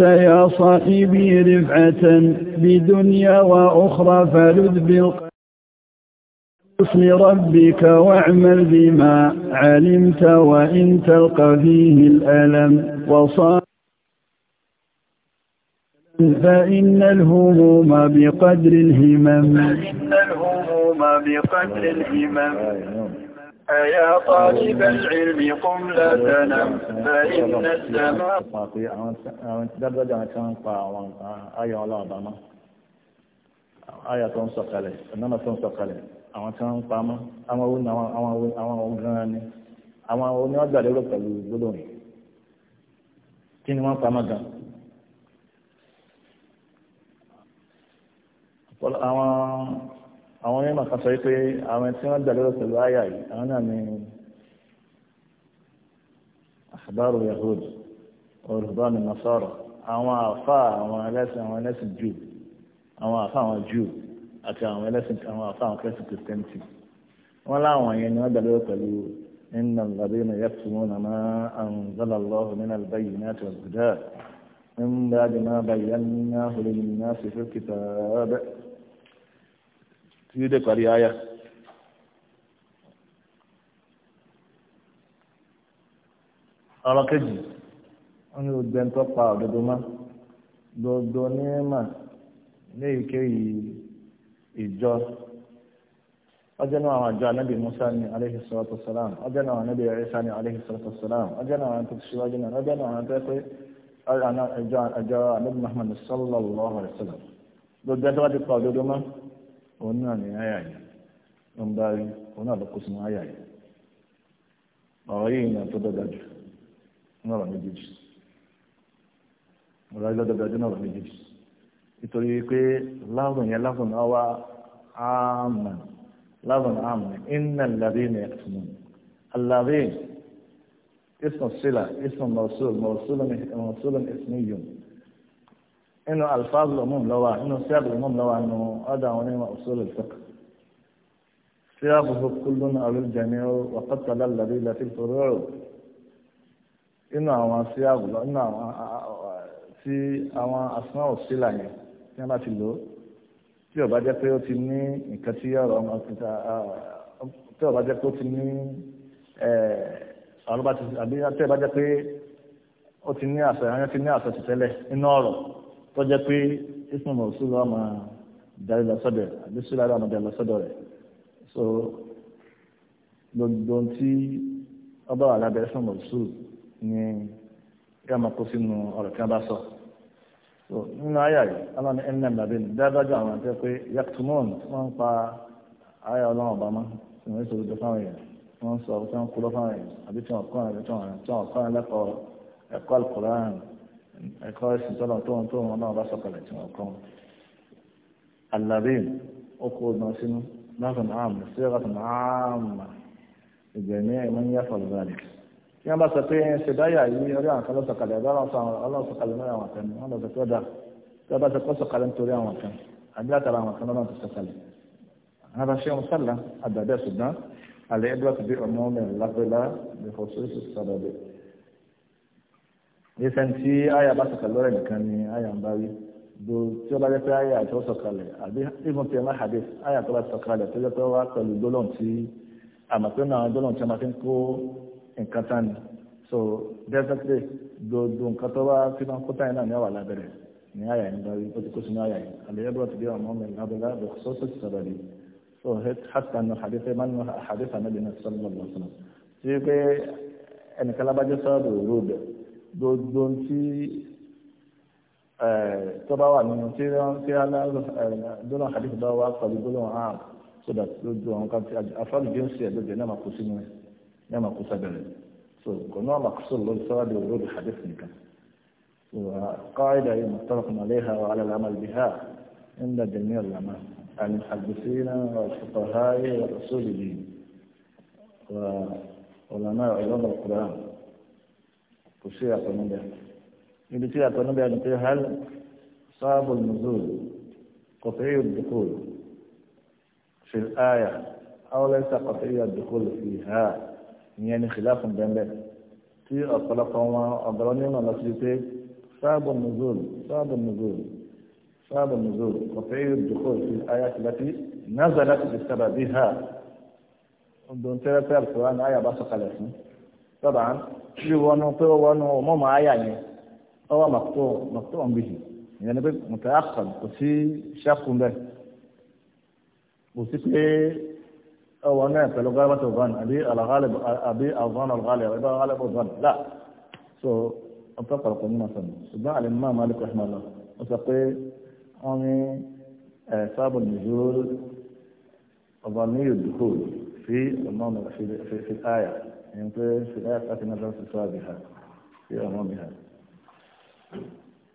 يا صاحبي رفعة بدنيا وأخرى فلذ بالقسم ربك واعمل بما علمت وإن تلقى فيه الألم وصاحب فإن الهموم بقدر الهمم فإن الهموم بقدر الهمم أيا طالب العلم قم لا تنم فإن السماء àwọn tí dájúdájú àwọn tí wọ́n ń pa àwọn ayọ̀ ọlọ́ọ̀bá mọ́ ayọ̀ tó ń sọ̀kalẹ̀ ọ̀nàmọ̀ tó ń sọ̀kalẹ̀ àwọn tí wọ́n ń pa mọ́ àwọn ohun àwọn ohun gan-an ni àwọn ohun ni lérò pẹ̀lú gbólóhùn kí ni wọ́n pa mọ́ gan àwọn àwọn onímọ̀ kan sọ pé àwọn tí wọ́n dàlérò pẹ̀lú àyà yìí àwọn ẹ̀tí olùbá ní nasara àwọn àfa àwọn ẹlẹ́sìn àwọn ẹlẹ́sìn jù àwọn àfa àwọn jù àti àwọn ẹlẹ́sìn àwọn àfa àwọn kẹ́sìn kìrìtẹ́ǹtì wọ́n láwọn yẹn ni wọ́n dàlérò pẹ̀lú إن الذين يكتمون ما أنزل الله من البينات والهدى من بعد ما بيناه للناس في الكتاب títí dé parí àyà. ọ̀rọ̀ kejì wọ́n ní gbogbo ẹni tó pa òdodo mọ́ gbogbo onímọ̀ léyìíkéyìí ìjọ ọjọ́ náà àwọn àjọ anábì musa ní alayhi salatu salam ọjọ́ náà àwọn anábì isa ní alayhi salatu salam ọjọ́ náà àwọn tó ṣíwájú náà ọjọ́ náà àwọn tó pé àjọ muhammad sallallahu alayhi wa sallam gbogbo ẹni tó wá ti pa òun náà ní àyà yìí ló ń bá rí na náà ló kó na àyà yìí ọ̀rọ̀ yìí ni àtọ́ dọ́gba jù ní ọ̀rọ̀ méjèèjì ọ̀rọ̀ yìí lọ́dọ̀gba sila nínú alifáàbù lọ́mọ́ lọ́wọ́ nínú síyàbù lọ́mọ́ lọ́wọ́ nínú ọ̀dọ̀ àwọn onímọ̀ òṣèlú ìfẹ́kọ̀. síyàbù fún kúlùn àwìn jẹ̀mí wàkàtàlá làbí láti torí ọ̀rọ̀ nínú àwọn síyàbù lọ nínú àwọn tí àwọn asúná òṣèlú yẹn tí wọ́n bá ti lò ó tí ó bá jẹ́ pé ó ti ní nǹkan tí ọ̀rọ̀ ọmọ kíta tí ó bá jẹ́ pé ó ti ní ọ̀rọ̀ ti àbí tí ó ti ní àṣà ìrántí ní àṣà tọ́jẹ́ pé ismail mosul wa máa darí lọ sọ́dọ̀ rẹ̀ àbí sùlá wa máa darí lọ sọ́dọ̀ rẹ̀ so gbogbo tí ọba wà lábẹ́ ismail mosul ni ká máa kó sínú ọ̀rọ̀ kí wọ́n bá sọ so nínú ayà yìí aláàánú ẹnìyàn nàbẹ́ ni dájú àwọn àti pé yàtúmọ̀n wọ́n ń pa ayà ọlọ́run ọba mọ́ ìwọ̀n ìṣòro tó fáwọn èèyàn wọ́n ń sọ wọ́n ń kúlọ́ fáwọn èèyàn àbí tí wọ́n kọ́ ẹ̀kọ́ àlùkò ẹ̀kọ́ ẹ̀sìn tọ́lọ̀ tó ń tó wọn náà bá sọ̀kalẹ̀ tí wọ́n kọ́ alábẹ́yìn ó kó ọdún sínú lọ́sùn àmà sí ọ̀sùn àmà ìgbẹ̀mí ẹ̀mọ́ ń yàtọ̀ lọ́dàlẹ̀ tí wọ́n bá sọ pé ṣe dáyà yìí orí àwọn kan lọ́sọ̀kalẹ̀ ọlọ́sọ̀kalẹ̀ náà àwọn kan wọ́n lọ sọ pé ọ̀dà tí wọ́n bá sọ pé ọ̀sọ̀kalẹ̀ nítorí àwọn kan àbí látara àwọn kan lọ́nà tó sọ̀kalẹ̀ هذا شيء مسلم الدابع سدان على إدوة بأموم اللفظ بخصوص السبب yẹsẹ̀n tí àyà bá sọ̀kalẹ̀ lọ́rẹ̀ nìkan ni àyà ń bá rí do tí ó bá jẹ́ pé àyà tó sọ̀kalẹ̀ àbí even tí ẹ má hadith àyà tó bá sọ̀kalẹ̀ tó jẹ́ pé wá pẹ̀lú gbólóhùn tí àmọ́ pé náà gbólóhùn tí a máa fi ń kó nǹkan tán ni so definitely gbogbo nǹkan tó bá fi máa ń kó tán yìí náà ní àwà lábẹ́rẹ̀ ní àyà ń bá rí ó ti kó sínú àyà yìí àlẹ́ yẹ́bùrọ̀ ti bí ọmọ mi lábẹ́lá bẹ̀rẹ̀ sọ́sọ́ so hatta nu hadith man nu hadith anabi na sallallahu alaihi wasallam ti pe ẹnikala bá jẹ sọọdọ òru bẹẹ gbogbo tí to ba wà nínú tí ti dọ́là hadith bá wà pẹ̀lú gbólóhùn hàn so that lójú àwọn kan tí afáàlù bí ó ń ṣe ẹ̀dọ́gbẹ̀ náà máa kó sínú ẹ̀ náà máa kó sábẹ̀rẹ̀ so kò náà máa kó sọ̀rọ̀ lórí sọ́wọ́ di olórí hadith nìkan so qaida yìí muttafaq alayha wa ala al-amal biha inda jami' al-ulama al-muhaddithina wa al-fuqaha wa al-usuliyin wa ulama ulama al-Qur'an kò sí ìyàtọ̀ níbẹ̀ níbi tí ìyàtọ̀ níbẹ̀ ni pé hal sáàbù nùzúl kọfíì dùkúl fi àyà awọlẹ́sà kọfíì dùkúl fi hà ìyẹn ni fún bẹ́ẹ̀ bẹ́ẹ̀ tí ọ̀pọ̀lọpọ̀ wọn ọ̀gọ̀rọ̀ nínú lọ sí pé sáàbù nùzúl sáàbù nùzúl sáàbù nùzúl kọfíì dùkúl fi àyà tìlẹ́tì nazalat bi sababiha. Ndon tẹ́lẹ̀ tẹ́lẹ̀ Kùránì àyà bá sọ̀kalẹ̀ fún. ṣíṣe wọnú pé ó wọnú ọmọ màá yà yẹn ó wà màkútó màkútó ọ̀nbìyì ìyẹn ni pé mùtàkàn kò sí ṣẹ́kùn bẹ́ẹ̀ kò sí pé ó wọnú ẹ̀ pẹ̀lú gálábàtà ọ̀gbọ́n àbí àlàkálẹ̀ àbí àwọn àlàkálẹ̀ àbí àlàkálẹ̀ ọ̀gbọ́n là so ọ̀pẹ́ pàrọ̀kọ̀ ní màsàn ṣùgbọ́n àlẹ́ mọ́ àmàlẹ́ kọ́ ṣùgbọ́n lọ ó sọ pé wọ́n ní ẹ̀ sábà nìjọ́ ọ̀gbọ́n ní ìdúkò في المعنى في, في, في الآية يعني في أتنا النفس السابقة في أمامها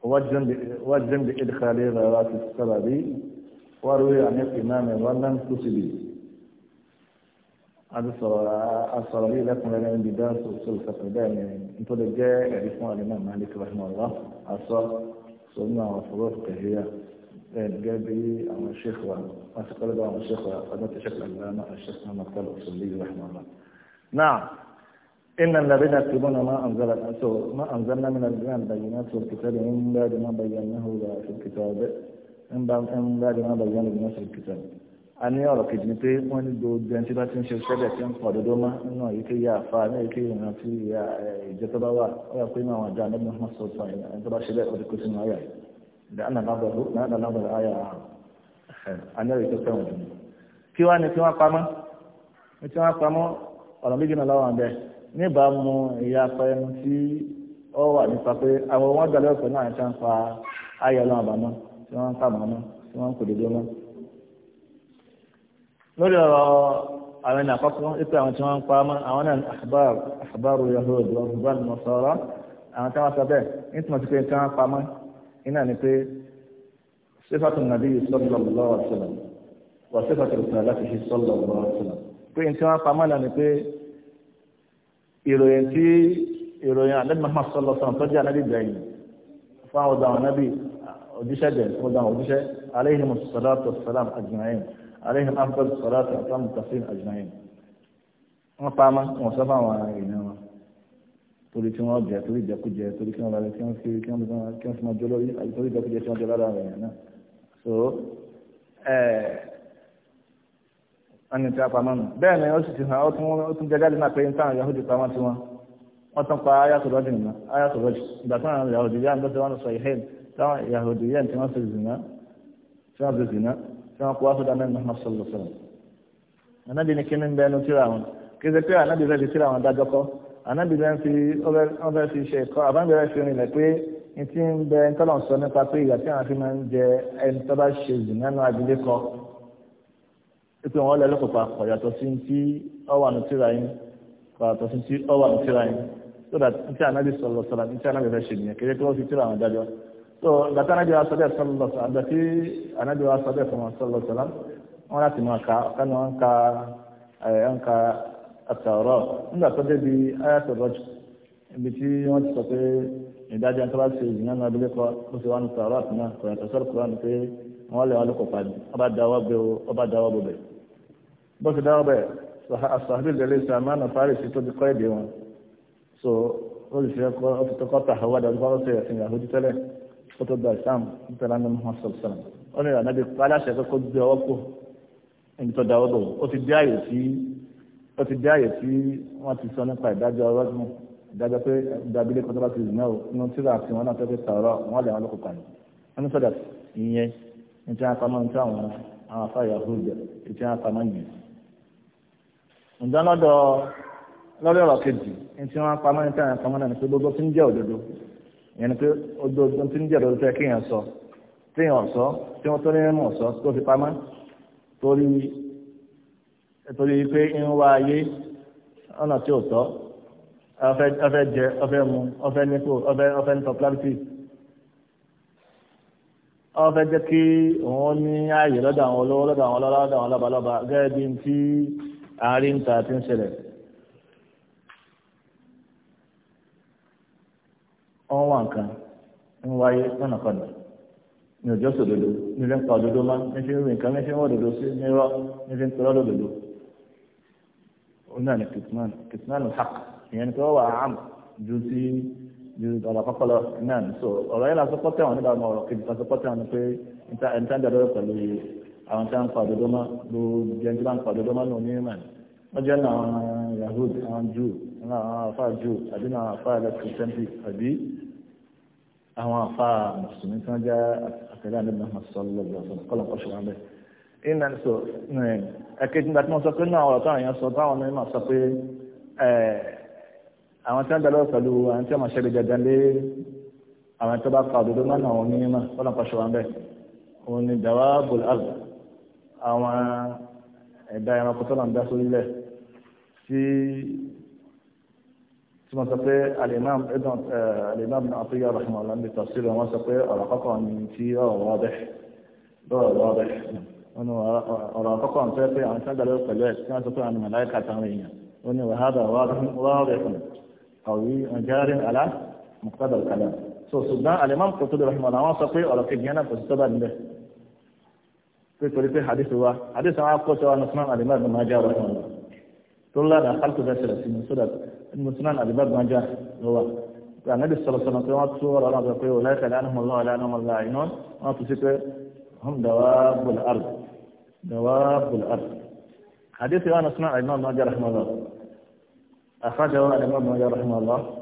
وجن بإدخال غيرات السبب وروي عن الإمام ظنا كتبي هذا الصلاة لكم لنا من بداية السلسة قدام انتو لجاء يعرفون الإمام مالك رحمه الله الصلاة سنة وفروق هي جابي عن الشيخ وأتقلد عن الشيخ وقدمت الشيخ العلامة الشيخ محمد الأصولي رحمه الله نعم إن الذين يكتبون ما أنزل ما أنزلنا من البينات والكتاب من بعد ما بيناه في الكتاب من بعد ما بيناه للناس في الكتاب a ní ọ̀rọ̀ kejì ni pé wọ́n ní gbogbo ẹni tí bá ti ń ṣe sẹ́bẹ̀ tí ń pọ̀ dodo mọ́ nínú èyíké ìyá àfa ní èyíké ìran tí ìyá ìjọ tó bá wà ó yà pé àwọn àjọ àdébùn fún ọ̀sọ̀ tó àyà ẹni tó bá ṣe bẹ́ẹ̀ ọdún kó sínú àyà yìí dáná lábọ̀dọ̀ dáná lábọ̀dọ̀ àyà a ní ọ̀rọ̀ tó fẹ́ràn jù kí wá ní tí wọ́n pamọ́ ní tí wọ́n pamọ́ ọ̀rọ̀ méjì náà láwọn bẹ́ẹ̀ níbàámu ìyapa ẹnu tí ó wà nípa pé àwọn wọn gbàlẹ́ ọ̀sẹ̀ náà ṣe ń fa ayọ̀ ọlọ́run àbámọ́ tí wọ́n ń kà mọ́ tí wọ́n ń kò dédé mọ́. lórí ọ̀rọ̀ àwọn ènìyàn àkọ́kọ́ wípé àwọn tí wọ́n ń pa mọ́ àwọn náà àbáàrù àbáàrù yahoo ọ̀gbọ́n mọ̀sọ̀rọ̀ àwọn táwọn sọ bẹ́ẹ̀ nítorí wọn ti pé tí wọ́n pa mọ́ iná ni pé sífàtù nàbí sallallahu ìròyìn tí ìròyìn ànábì Muhammad sallallahu alaihi wasallam tó jẹ́ ànábì gbẹ̀yìn fún àwọn ọ̀dàn ànábì òjíṣẹ́ dẹ̀ fún ọ̀dàn òjíṣẹ́ alayhim salatu wassalam ajma'in alayhim afdal salatu wassalam taslim ajma'in wọ́n pa ama wọ́n sọ fáwọn èèyàn wọn torí tí wọ́n jẹ torí jẹkújẹ torí kí wọ́n lálẹ́ kí wọ́n fi kí wọ́n fi máa jọ lórí torí jẹkújẹ tí wọ́n jẹ lára àwọn náà so eh, wọn ní tí a pamọ́ nù bẹ́ẹ̀ ni ó sì ti hàn ó tún ó tún náà pé táwọn yahudi pamọ́ tí wọ́n wọ́n tún pa ayatollah nìyẹn ayatollah ìgbà tí wọ́n yahudi yẹn lọ́sẹ̀ wọn sọ ìhẹ́n táwọn yahudi yẹn tí wọ́n ṣe zìnà tí wọ́n ṣe zìnà tí wọ́n kó wá sódà mẹ́rin náà sọ̀rọ̀ sọ̀rọ̀ ànábì ni kíní bẹ́ẹ̀ nu tíra wọn kí ṣe pé ànábì rẹ̀ ti tíra wọn dájọ́ kọ́ ànábì rẹ̀ fi ọbẹ̀ fi ṣe ẹ̀kọ́ àbámi rẹ̀ fi rìnlẹ̀ pé n ti ń bẹ ń pé wọn lẹ́lẹ́kọ̀ papọ̀ yàtọ̀ sí ti ọwà nù tíra yín yàtọ̀ sí ti ọwà nù tíra yín so that n tí anabi sọlọ sọlọ n tí anabi fẹ́ ṣe nìyẹn kéde kí wọ́n fi tíra àwọn dájọ́ so gbàtà anabi wa sọdẹ sọlọ sọlọ àgbà tí anabi wa sọdẹ fún wọn sọlọ sọlọ wọn láti máa ka kánú wọn ka ẹ ń ka àtàwọrọ nígbà tó débi ayatò rọjò ibi tí wọn ti sọ pé ìdájọ́ nípa ṣe ìdìyàn náà lórí kọ ó wọ́n lè wọn lóko pa ni ọba dáwọ́ bẹ ọba dáwọ́ bọ bẹ bó ti dáwọ́ bẹ asàbí lè lè sọ àmàna fárisì tó kọ́ èdè wọn so ó lè fi ẹkọ ó fi tọkọ tà àwọn àdàlù wọn ṣe ẹsìn ìyàwó títẹlẹ ó tó gba ìsàm nítorí àná mọ sọsàn ó ní ìrànlẹ́bí aláṣẹ kókó gbé ọwọ́ kó ẹni tó dáwọ́ bọ̀ ó ti dé àyè sí ó ti dé àyè sí wọ́n ti sọ nípa ìdájọ́ ọwọ́ náà ìdájọ́ pé ìdábílẹ̀ kọ́tọ́ bá ti rìn náà inú tíra àti wọn náà fẹ́ fẹ́ tààrọ̀ wọn lè wọn lóko pa ni ìyẹn nítorí àpamọ́ nítorí àwọn àwọn afá yahudu nítorí àpamọ́ yẹn. ǹjẹ́ lọ́dọ̀ lọ́dọ̀ ọ̀rọ̀ kejì nítorí wọn apamọ́ nítorí àwọn apamọ́ náà ni pé gbogbo tí ń jẹ́ òdodo ìyẹn ni pé òdodo tí ń jẹ́ òdodo tẹ́ kéèyàn sọ téèyàn sọ tí wọ́n tó ní mọ̀ sọ tó fi pamọ́ torí torí pé ń wá ayé ọ̀nà tí ò tọ́ ọfẹ́ jẹ ọfẹ́ mu ọfẹ́ nípò ọfẹ́ ọfẹ́ ní popularity wọ́n fẹ́ jẹ́ kí òun ní ààyè lọ́dọ̀ àwọn olówó lọ́dọ̀ àwọn ọlọ́lá lọ́dọ̀ àwọn lọ́balọ́ba gẹ́gẹ́ bí tí àárín ta ti ń ṣẹlẹ̀. wọ́n wà nǹkan ń wáyé lọ́nàkọ̀nà ní òjò sòdodo ní fi ń pa òdodo má ní fi ń rìn kan ní fi ń wọ́ òdodo sí ní rọ́ ní fi ń pe lọ́dọ̀ òdodo. náà ni kìtìmánù kìtìmánù hàk ìyẹn ni pé wọ́n wà á ju sí ju ọ̀rọ̀ àkọ́kọ́ lọ náà so ọ̀rọ̀ yẹn lásán pọ́tẹ́ wọn nígbà ọ̀rọ̀ kejì lásán pọ́tẹ́ wọn ni pé ìtajà lọ́wọ́ pẹ̀lú àwọn tí wọ́n ń fa òdodo mọ́ gbogbo ẹni tí wọ́n ń fa òdodo mọ́ ní onímọ̀ wọ́n jẹ́ náà àwọn Yahud àwọn Jew àwọn afa Jew àbí náà àwọn afa ẹlẹ́tìrìsẹ́ntì àbí àwọn afa mùsùlùmí tí wọ́n jẹ́ àtẹ̀lé àdébìnrin ọmọ sọ́lọ́ lọ́sọ̀rọ̀ so ẹ̀kejì nígbà tí wọ́n sọ pé náà ọ̀rọ̀ táwọn àwọn tí wọ́n gbà lọ́wọ́ pẹ̀lú àwọn tí wọ́n máa lè dandan lé àwọn tí wọn bá pa òdodo mọ́nà àwọn onímọ̀ fọlọ́n pàṣẹ wọn bẹ́ẹ̀ wọn ni dàwa bol al àwọn ẹ̀dá ẹranko kọtọ náà ń dá sórí lẹ̀ sí tí wọ́n sọ pé alimam ibn alimam ibn atiya rahimahullah bi tafsir wọn sọ pé ọ̀rọ̀ kọ́kọ́ ni ti ọ̀rọ̀ wọ́n bẹ lọ́rọ̀ wọ́n bẹ wọn ọ̀rọ̀ kọkọ ń fẹ́ pé àwọn tí sáńdà lọ́wọ́ pẹ̀lú ẹ̀ tí wọ́n sọ pé àwọn màláíkà táwọn èèyàn ó ní wàhálà wàhálà àwí ọjàrin àlá mọ̀kútàdà òkàdà so ṣùgbọ́n alimam kò tó lè rahimu àwọn sọ pé ọ̀rọ̀ kejì náà kò sí tọ́ba níbẹ̀ pé torí pé hadith wa hadith wa kó tọ́wọ́ nùsùnán alimam ibn Majah ọ̀rọ̀ ìmọ̀lá tó ládàá kálukú bẹ́ẹ̀ ṣẹlẹ̀ sí musulat nùsùnán alimam ibn Majah ló wà pé anabi sọ̀rọ̀ sọ̀rọ̀ pé wọ́n tú ọ̀rọ̀ náà pé wọ́n láìka lánàá mọ̀lá lánàá mọ̀lá iná wọ́n tún sí pé hum dawabul ard dawabul ard hadith wa nùsùnán alimam ibn Majah rahimahullah أخرجه الإمام مالك رحمه الله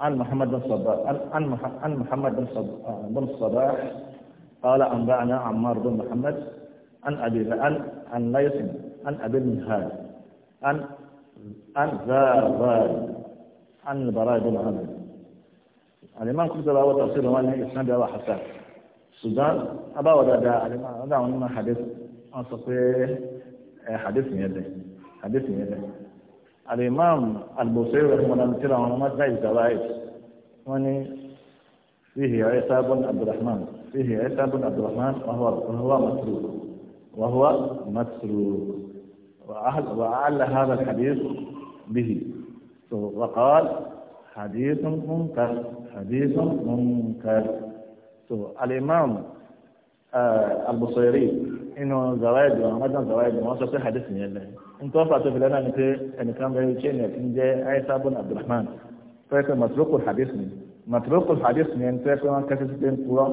عن محمد بن صباح عن محمد بن صباح بن صباح قال أنبأنا عمار بن محمد عن أبي عن عن ليث عن أبي المنهال عن عن زاغال عن البراء بن عامر الإمام كتب له تفسير وأن الإسلام أبا حسان السودان أبا ودا دا الإمام هذا حديث أنصف إيه، حديث من يده hadith yẹn lẹ alimam alibosiri rẹ fún ọdún tíra wọn wọn dá ìjọba ẹ wọn ní fihi Isa bun abdulrahman fihi Isa bun abdulrahman wahuwa masruq wahuwa masruq وأعل هذا الحديث به وقال حديث منكر حديث منكر الإمام البصيري inú zawaidu àwọn mọ́tàn zawaidu wọ́n sọ pé hadith yẹn lẹ̀ nítorí pàtó fi lẹ́nà ni pé ẹnìkan bẹ́ẹ̀ ṣé ènìyàn ti ń jẹ́ aisha bin abdulrahman fẹ́ẹ́ pé matrukul hadith ni matrukul hadith ni ẹni fẹ́ẹ́ pé wọ́n kẹ́sí sí pé ń purọ́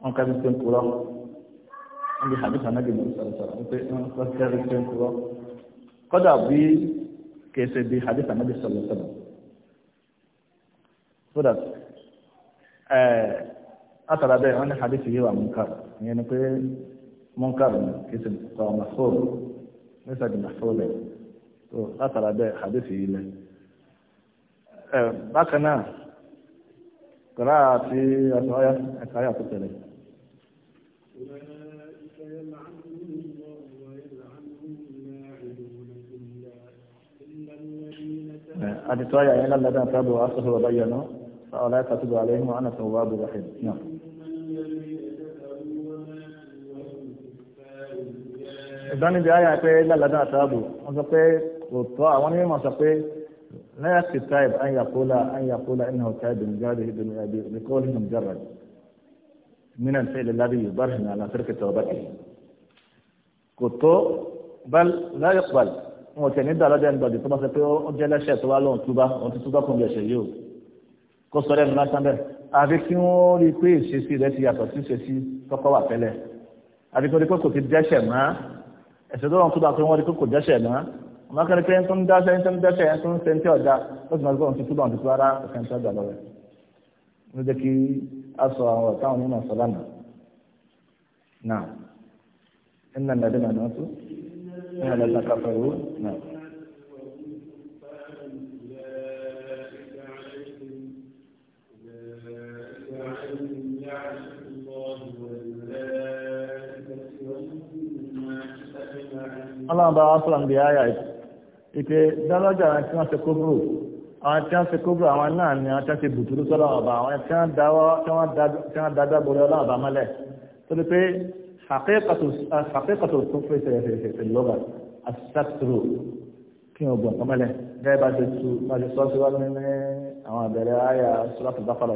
wọ́n kẹ́sí sí pé ń purọ́ wọ́n bí hadith anabi ní sọ̀rọ̀sọ̀rọ̀ pé wọ́n kẹ́sí sí pé ń purọ́ bí kèsè bí hadith anabi sọ̀rọ̀sọ̀rọ̀ so that eh, látara bẹ́ẹ̀ wọ́n ní hadith yìí wà munkar ìyẹn ni pé munkar kì í sì kọ́ mahfud nísà di mahfud ẹ̀ tó látara bẹ́ẹ̀ hadith yìí lẹ̀. ẹ bákan náà kọ́lá àti ọ̀sán ẹ̀ka ayà tó tẹ̀lé. àdìtọ́ ayà yẹn lálẹ́ dáná tábù asọ́sọ́ ọ̀bá yẹn náà. فلا تتب عليهم وأنا تواب رحيم نعم ìdáni bí ayà pé lálàdá àtàbò wọ́n sọ pé òtọ́ àwọn onímọ̀ sọ pé láyà sí táìb ayàkólà ayàkólà iná ọ̀tá ìdòmìjáde ìdòmìjáde ìdòmìjáde ìdòmìjáde من الفعل الذي يبرهن على ترك توبته كتو بل لا يقبل وكان يدعى لدى أن بعد طبعا سيقول جل الشيء سواء لهم توبة وانت توبة كون بيشيو kó sọ lẹ́nu lásán bẹ́ẹ̀ àbí kí wọ́n rí i pé ìṣesí rẹ ti yàtọ̀ sí ìṣesí tọ́kọ wà tẹ́lẹ̀ àbí kó rí i pé kò ti dẹ́ṣẹ̀ mọ́ ẹ̀sẹ̀ tó rọrùn tó bá pé wọ́n rí i pé kò dẹ́ṣẹ̀ mọ́ ọmọ akẹ́rẹ́ pé ń tó ń dáṣẹ́ ń tó ń dẹ́ṣẹ̀ ń tó ń sẹ́ńtẹ́ ọ̀dà ó sì máa gbọ́n ti túbọ̀ ti rárá ọ̀sẹ̀ ń tó ọ̀dà lọ́wọ́ ló jẹ́ kí a sọ àwọn ọ̀tá òun nínú ọ̀sán lánàá náà ẹ̀ ń nà ní ọlọ́run bá wá sọ̀rọ̀ bí àyà ìpè dálájà àwọn tí wọ́n ṣe kóbùrù àwọn tí wọ́n ṣe kóbùrù àwọn náà ni wọ́n ti ṣe bùtúrú sọ́lọ́ ọ̀bà àwọn tí wọ́n dáwọ́ tí wọ́n dájọ́ borí ọlọ́run ọ̀bà mọ́lẹ̀ tó lè pé àkẹ́kọ̀tò tó fẹ́ ṣẹ̀ṣẹ̀ṣẹ̀ lọ́gà àṣàtúrò kí wọ́n bọ̀ ọ̀pọ̀ mọ́lẹ̀ gẹ́gẹ́ bá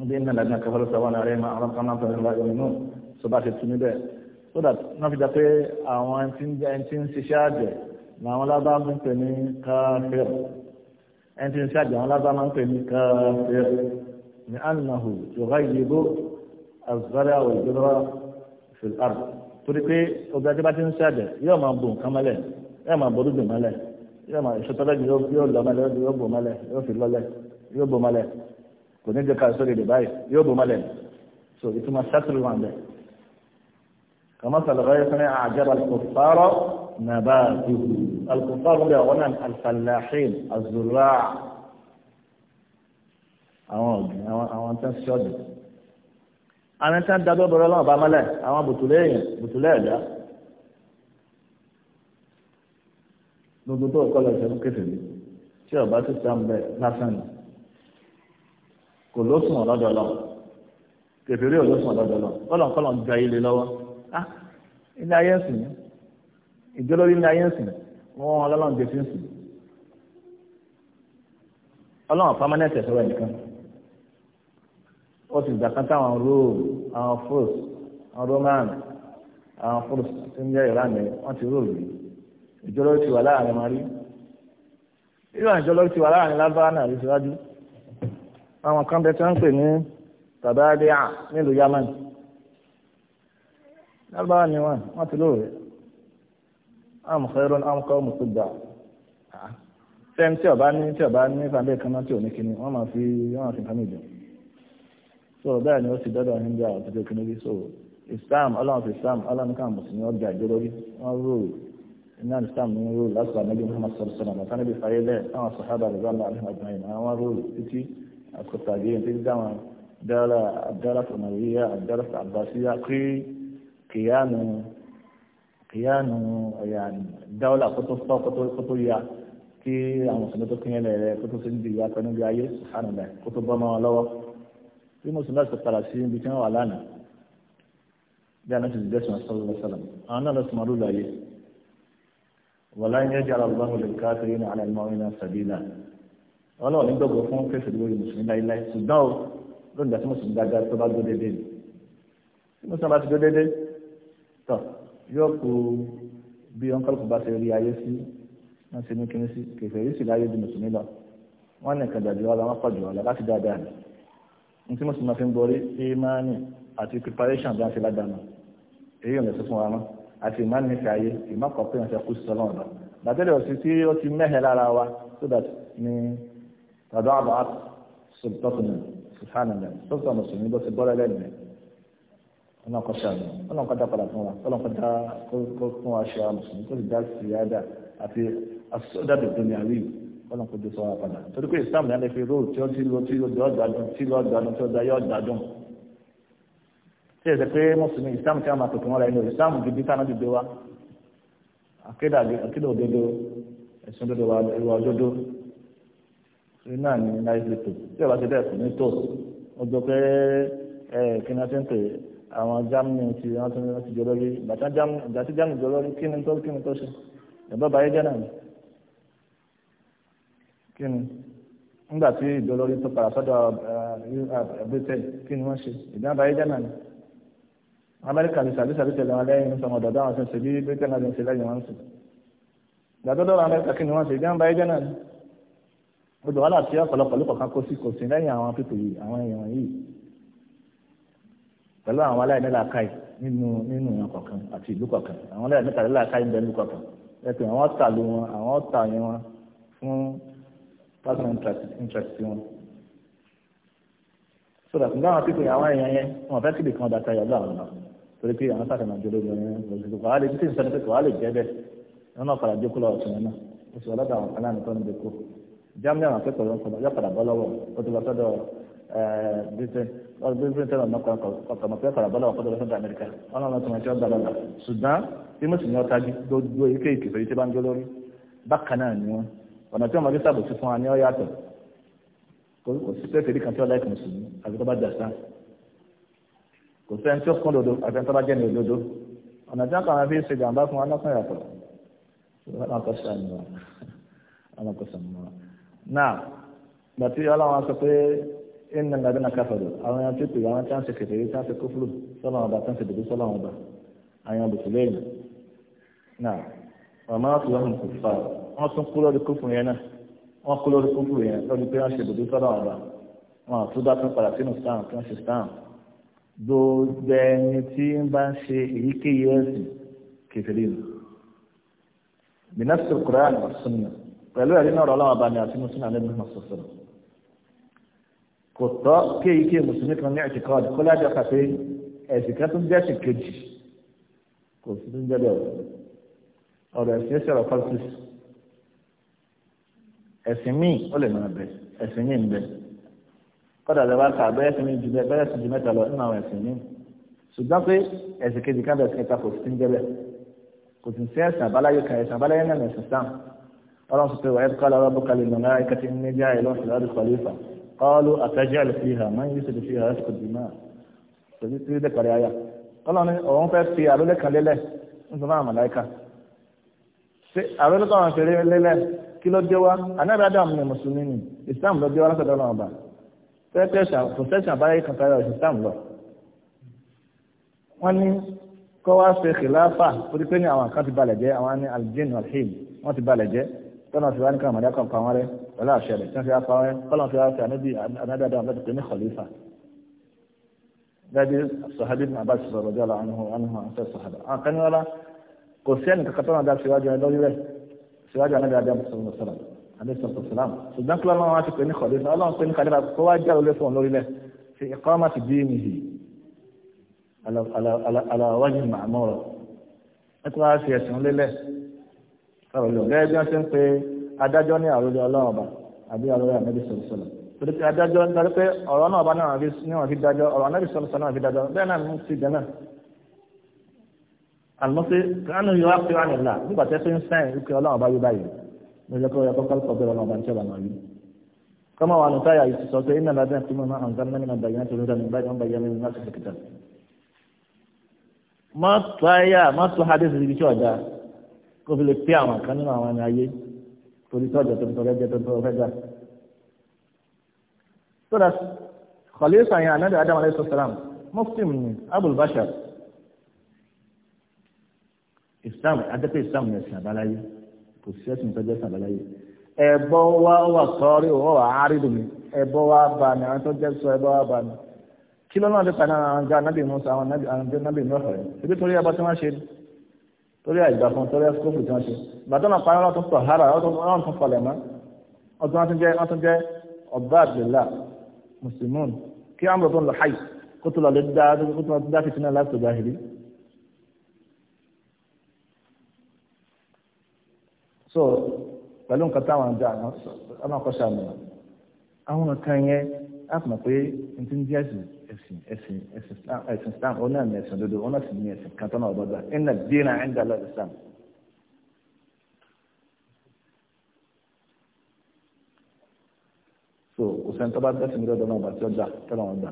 níbi iná lẹ́dínà kẹfẹ́rẹ́ sọ wọn lẹ́rẹ́ máa àwọn kan náà fẹ́rẹ́ láyé nínú tó bá ṣe tu níbẹ̀ so that wọ́n fi dá pé àwọn ẹni tí ń ṣiṣẹ́ àjẹ́ làwọn lábá ń pè ní káfíìr ẹni tí ń ṣiṣẹ́ àjẹ́ àwọn lábá máa ń pè ní káfíìr ní ànàhù yorùbá ìyẹ́bó àzùbárẹ́ àwọ̀ ìjọba fìlàr torí pé obìnrin tí bá ti ń ṣiṣẹ́ àjẹ́ yóò máa bò nǹkan mọ́lẹ̀ yóò máa borúgbìn mọ́lẹ̀ yóò máa ìṣòtọ́lẹ́gbẹ̀ yóò lọ́ mọ́lẹ̀ yóò bò mọ́lẹ̀ yóò fi lọ́lẹ̀ yóò bò mọ́lẹ̀ kò ní jẹ́ ká sórí èdè báyìí yóò bò mọ́lẹ̀ so ìtumọ̀ sátìrì wọn bẹ́ẹ̀ kàmọ́sà lọ́wọ́ yẹn fẹ́rẹ́ àjẹbà alkùfárọ́ nàbà dùhù alkùfárọ́ bẹ́ẹ̀ wọn náà alfàlàhìn azùrà àwọn ọ̀gbìn àwọn tán sọ́ọ̀dù àwọn tán dájọ́ bọ̀rọ̀ lọ́wọ́ bá mọ́lẹ̀ àwọn bùtùlẹ̀ èèyàn bùtùlẹ̀ ẹ̀dá gbogbo tó kọ́ lọ ìṣẹ́nu kéfèé tí ọba tó sá bẹ lásán yìí kò lóṣùn ọ̀lọ́dọ̀ lọ kẹfìrí olóṣùn ọ̀lọ́dọ̀ lọ kọ́lọ̀ kọ́lọ̀ ń ju ayé le lọ́wọ́ á ah, ilé ayé ń sìn ìjọlórí ilé ayé ń sìn wọn ọlọ́run ti fi ń sìn ọlọ́run permanent ẹ̀sọ́ rẹ̀ nìkan ó sì gbà kán táwọn róòmù àwọn fúrùs àwọn roman àwọn fúrùs tó ń jẹ́ ìran rẹ̀ wọ́n ti róòmù yìí ìjọlórí ti wà láàrin wọn rí irú àjọlórí ti wà láàrin lábára náà àwọn kan bẹ tí wọ́n ń pè ní tàbáàdíà nílùú yamani lábáwá ni wọ́n wọ́n ti lóore am khairun am qawmu tudda fẹ́m ah, tí ọba ní tí ọba ní fàbẹ́ kan náà tí ò ní kíní wọ́n máa fi wọ́n máa fi nǹkan mìíràn so bẹ́ẹ̀ ni ó ti dọ́dọ̀ ọ̀hún bíi àwọn tuntun kíní bí so islam ọlọ́run fi islam ọlọ́run kan mùsùlùmí ọjà ìjọlórí wọ́n rúurú iná islam ní rúurú lásìkò ànágbé muhammad sallallahu alaihi wasallam àtàlẹ́bí fayé bẹ́ẹ̀ táwọn sọ̀hábà rẹ̀ bá lọ àlẹ́ àjọyìn àwọn rúurú títí الخطابية تلزم دارة الدارة الأموية الدارة العباسية في قيام قيام يعني الدولة قطب قطب قطبية في المسلمين تقنية لقطب سندية كانوا بيعي سبحان الله قطب ما لوا في مسلمات الثلاثين بيتنا وعلانا ده نفس الجسم صلى الله عليه وسلم أنا لسمع له ولا يجعل الله للكافرين على المؤمنين سبيلا ọlọ́run nígbàgbọ́ fún kẹ́sì lórí mùsùlùmí láíláí ṣùgbọ́n o lónìí ìgbà tí mùsùlùmí dáadáa tó bá dó déédéé ni tí mùsùlùmí bá ti dó déédéé tọ yóò kú bí ọ̀nkọ́lùkù bá ṣe rí ayé sí wọ́n ṣe ní kíní sí kẹfẹ́ yìí sì láyé ju mùsùlùmí lọ wọ́n ní kàdà jù ọlọ wọ́n pọ̀ jù ọlọ láti dáadáa ni ní tí mùsùlùmí fi ń borí ìmánì àti preparation bí wọ́n ṣe ládàánu èyí ò lè sọ fún wa mọ́ àti ìmánì nífẹ̀ẹ́ ayé ìmọ̀kọ̀ pé wọ́n ṣe kú sí ọlọ́run lọ bàtẹ́lẹ̀ òsì tí ó ti mẹ́hẹ̀ lára wa so that ni تضعضعت سلطتنا سبحان الله سلطة مسلمين بس الدولة لنا أنا قشعنا أنا قد قلتنا أنا قد قلتنا أشياء مسلمين كل ذلك سيادة أفي السعودة الدنيوية أنا قد سوا قد تقول كل إسلام يعني في رول تيو تيو تيو تيو دادون تيو دادون تيو دايو دادون tẹ́lẹ̀ pé mùsùlùmí ìsìlámù tí a máa tòkùn ọ̀la ẹni ìsìlámù gidi tí a náà dìde wa akéde òdodo ẹ̀sùn òdodo wa ìwà òdodo iná ní náírà tó tí ọba ti dẹ́kun ní tó ó jọ pé kí ni wọ́n ti ń pè àwọn germany ti wọ́n ti wọ́n ti jọ lórí ìgbà tí germany jọ lórí kí ni tó kí ni tó ṣe ìbá bàyẹ́ jẹ́ náà kí ni nígbà tí ìjọ lórí tó padà sọ́dọ̀ britain kí ni wọ́n ṣe ìdá bàyẹ́ jẹ́ náà amẹ́ríkà ti sàbí sàbí tẹ̀lé wọn lẹ́yìn sọmọ dọ̀dọ̀ àwọn ṣẹ̀ṣẹ̀ bí britain náà ti ń ṣe lẹ́yìn wọn sí ìgbà tó dọ̀rọ̀ amẹ́ríkà kí ni wọ́n ṣe ìdá bàyẹ́ jẹ́ náà gbogbo wàhálà tí ọ̀pọ̀lọpọ̀ lóko kan kó sí kò sí lẹ́yìn àwọn pípò yìí àwọn èèyàn yìí pẹ̀lú àwọn aláìníláàkáì nínú nínú ìran kọ̀ọ̀kan àti ìlú kọ̀ọ̀kan àwọn aláìníláàkáì ń bẹ ìlú kọ̀ọ̀kan ẹ̀pẹ̀ àwọn ọ̀tà ló wọn àwọn ọ̀tà yẹn wọn fún personal interest wọn so that nígbà àwọn pípò yẹn àwọn èèyàn yẹn wọn fẹ́ kíbi kan dàtà yàgbọ́ àwọn náà torí pé àwọn sáà kànáà jọlọ yẹn lọ́sọ̀tò wàá lè títí ìsọ̀rọ̀ pé wàá lè jẹ́ bẹ́ẹ̀ wọn náà padà jókòó lọ́wọ́ germany àwọn akẹ́kọ̀ọ́ yóò padà yóò padà bọ́ lọ́wọ́ ó ti lọ sọ́dọ̀ britain wọ́n bí britain ọ̀nà ọkọ̀ mọ̀ pé padà bọ́ lọ́wọ́ kó tó lọ sọ́dọ̀ america wọ́n náà lọ́tún ẹ̀ṣẹ́ ọgbà lọ́la ṣùgbọ́n bí mo sì ní ọta gbogbo ike ìkìfẹ́ yìí tí bá ń jó lórí bákan náà ni wọ́n ọ̀nà tí ọmọdé sàbò sí fún wa ni ó yàtọ̀ kò sí pé kèdè kan tí ó láìpẹ́ mùsùlùmí àti tó bá jà sáà kò sẹ́ni tí ó kún lòdò àti ẹni tó bá jẹ́ ní òdodo ọ̀nà tí wọ́n kàn án fi ṣe jàǹbá fún wa náà yàtọ̀ ọ̀nà kò sàmùwà ọ̀nà kò sàmùwà náà gbàtí ọlọ́run sọ pé ẹnìyàn nàbí nà káfàdù àwọn ẹni tó pè àwọn tí wọn ṣe kẹfẹ yìí tí wọn ṣe kófúrú sọlọ ọba tí wọn ṣe dèbí sọlọ ọba àwọn olùkú lẹ́yìn náà wọn máa fi wọn kò fà wọn tún kú lórí kófúrú yẹn náà wọn kú lórí kófúrú yẹn lórí pé wọn ṣe dèbí sọlọ ọba wọn àtúndà tún padà sínú sáà tí wọn ṣe sáà gbogbo ẹni tí ń bá ń ṣe èyíkéyìí ẹ̀sìn kẹfẹ́ lẹ́nu pẹ̀lú ẹ̀rí náà rọ̀ ọlọ́wọ́ bá ní àti mùsùlùmí alẹ́ mímọ́ sọ̀sọ̀ kò tọ́ kéèké mùsùlùmí kan ní ẹ̀sìn kan kó lájọ kàpé ẹ̀sìn kan tó ń jẹ́ ẹ̀sìn kejì kò sí tó ń jẹ́ bẹ́ẹ̀ ọ̀rọ̀ ẹ̀sìn ẹ̀sìn ọ̀rọ̀ fásitì ẹ̀sìn míì ó lè máa bẹ ẹ̀sìn míì ń bẹ kọ́dà lè wá kà bẹ́ẹ̀ ẹ̀sìn ju bẹ́ẹ̀ bẹ́ẹ̀ ju mẹ́ta lọ nínú àwọn ẹ̀sìn míì ṣùgbọ́n pé ẹ̀sìn kejì kan bẹ́ẹ̀ ẹ̀sìn kẹta kò sí ń jẹ́ bẹ́ẹ̀ kò sì ń sí ẹ̀sìn àbáláyé kan ẹ̀sìn àbáláyé náà ẹ̀sìn sáà ọlọ́run sọ pé wàá ẹ̀ka lọ́rọ́ bó kalẹ̀ lọ́nà ẹ̀kẹ́tì ní jẹ́ àìlọ́ ìlọ́dún kọlífà kọ́ọ̀lù àtẹ́jẹ́ àlùfí hà máa ń yí sèdè fi hà ẹ̀sìkò dìímà tòbí tí dé kọ̀rẹ́ ayá ọlọ́run òun fẹ́ fi àlọ́lẹ̀ kan lélẹ̀ nítorí àwọn màláìka ṣé àlọ́lẹ̀ kan fẹ́ lélẹ̀ kí ló dé wá anábì adam ni mùsùlùmí ni islam ló dé wá lọ́sọ̀dọ̀ ọlọ́run ọba tẹ́tẹ́sà pòtẹ́sà báyìí kan tayọ islam lọ wọ́n ní kọ́ wá ṣe kìláfà torí pé ní àwọn kan ti balẹ̀ jẹ́ àwọn ní aljin alhim wọ́n ti balẹ̀ jẹ́ tọ́nà fi wá ní kàmàdá kan pa wọ́n rẹ́ pẹ̀lú àṣẹ rẹ̀ tí wọ́n fi wá pa wọ́n rẹ́ kọ́lọ́n fi wá fi ànábì ànábì àdáwọn láti pè ní khalifa gẹ́gẹ́ sọ̀hábì ní abáṣe sọ̀rọ̀ jọ́la àánúhùn àánúhùn àṣẹ sọ̀hábà àwọn kan ní wọ́n lá kò sí ẹnì kankan tọ́nà dá síwájú ẹni lórí rẹ̀ síwájú ànábì àdáwọn sọ̀rọ̀ sọ̀rọ̀ àdéhùn sọ̀sọ̀lám ṣùgbọ́n kí lọ́wọ́ wọn ti pè ní khalifa ọlọ́run pè ní khalifa kó wá jẹ́ olóṣù wọn lórí rẹ̀ fi dinihi ala ala ala wajhi ma'mura ẹ tó wá fi ẹ̀sìn lélẹ̀ ọ̀lọ́ gẹ́gẹ́ bí wọ́n ṣe ń pe adájọ́ ní àròjọ ọlọ́run ọba àbí àròjọ ànábì sọ̀rọ̀sọ̀rọ̀ torí pé adájọ́ ń darí pé ọ̀rọ̀ náà ọba náà ní wọ́n fi dájọ́ ọ̀rọ̀ ànábì sọ̀rọ̀sọ̀rọ̀ náà fi dájọ́ bẹ́ẹ̀ náà mú sí gánà àlùmọ́sí kánú yóò wá pé wà nílà nígbà tẹ́ fi ń sẹ́yìn ikú ọlọ́run ọba yóò báyìí mo yẹ kó yẹ kó kálukọ̀ bẹ́ẹ̀ ọlọ́run ọba ń tẹ́lá náà yìí kọ́mọ wà nù táyà yìí sọ pé iná lábẹ́ àti mímọ́ àwọn gánà nínú bàyìí náà tó lóra nínú báyìí wọ́n bàyìí nínú láti fi kìtà. mọ́tò ayá mọ́tò hadith ibi tí ọ̀dà kó fi lè pé àwọn kan nínú àwọn ẹni ayé torí tọ́jọ tó ń tọrọ ẹjẹ tó ń tọrọ fẹ́jà. so that khalifa yẹn anabi adam alayhi salam muslim ni abul bashar islam adẹ́pẹ́ islam ní ẹ̀sìn àbáláyé kò sí ẹ̀sìn tọ́jọ́ ẹ̀sìn àbáláyé ẹ̀bọ wa wà sọ́ọ́rí òwò wà árídùn mi ẹ̀bọ wa bá mi àwọn tó jẹ́ sọ ẹ̀bọ wa bá mi kí lọ́nà ọdún kan náà àwọn ọjọ́ anábì musa àwọn anábì nọ́ọ̀fẹ́ ẹ̀bí torí torí àìgbà fún torí ẹsikópù tí wọ́n ṣe ìbàdàn náà parí ọlọ́tún sọ hara ọlọ́tún tún falẹ̀ mọ́ ọdún wọn tún jẹ́ wọn tún jẹ́ ọba àdìlá mùsùlùmùn kí wọn bọ̀ tó ń lọ háì kó tó lọ lé dá kó tó lọ dá fìtínà láti ọ̀dọ̀ àhìrí. so pẹ̀lú nǹkan táwọn ọjà àwọn akọ́ṣà mìíràn àwọn kan yẹn á mọ̀ pé n ti ń jẹ́ ẹ̀sìn ẹ̀sìn ẹ̀sìn ẹ̀sìn ẹ̀sìn Islam ọ̀nà ní ẹ̀sìn dodo ọ̀nà sì ní ẹ̀sìn kan tọ́nà ọ̀dọ́dọ́ ẹ̀nà dínà ẹ̀ńdà lọ Islam. so òsèǹ tó bá dẹ́sìn mi lọ́dọ̀ náà bá tí ó gbà tọ́lọ̀ wọn gbà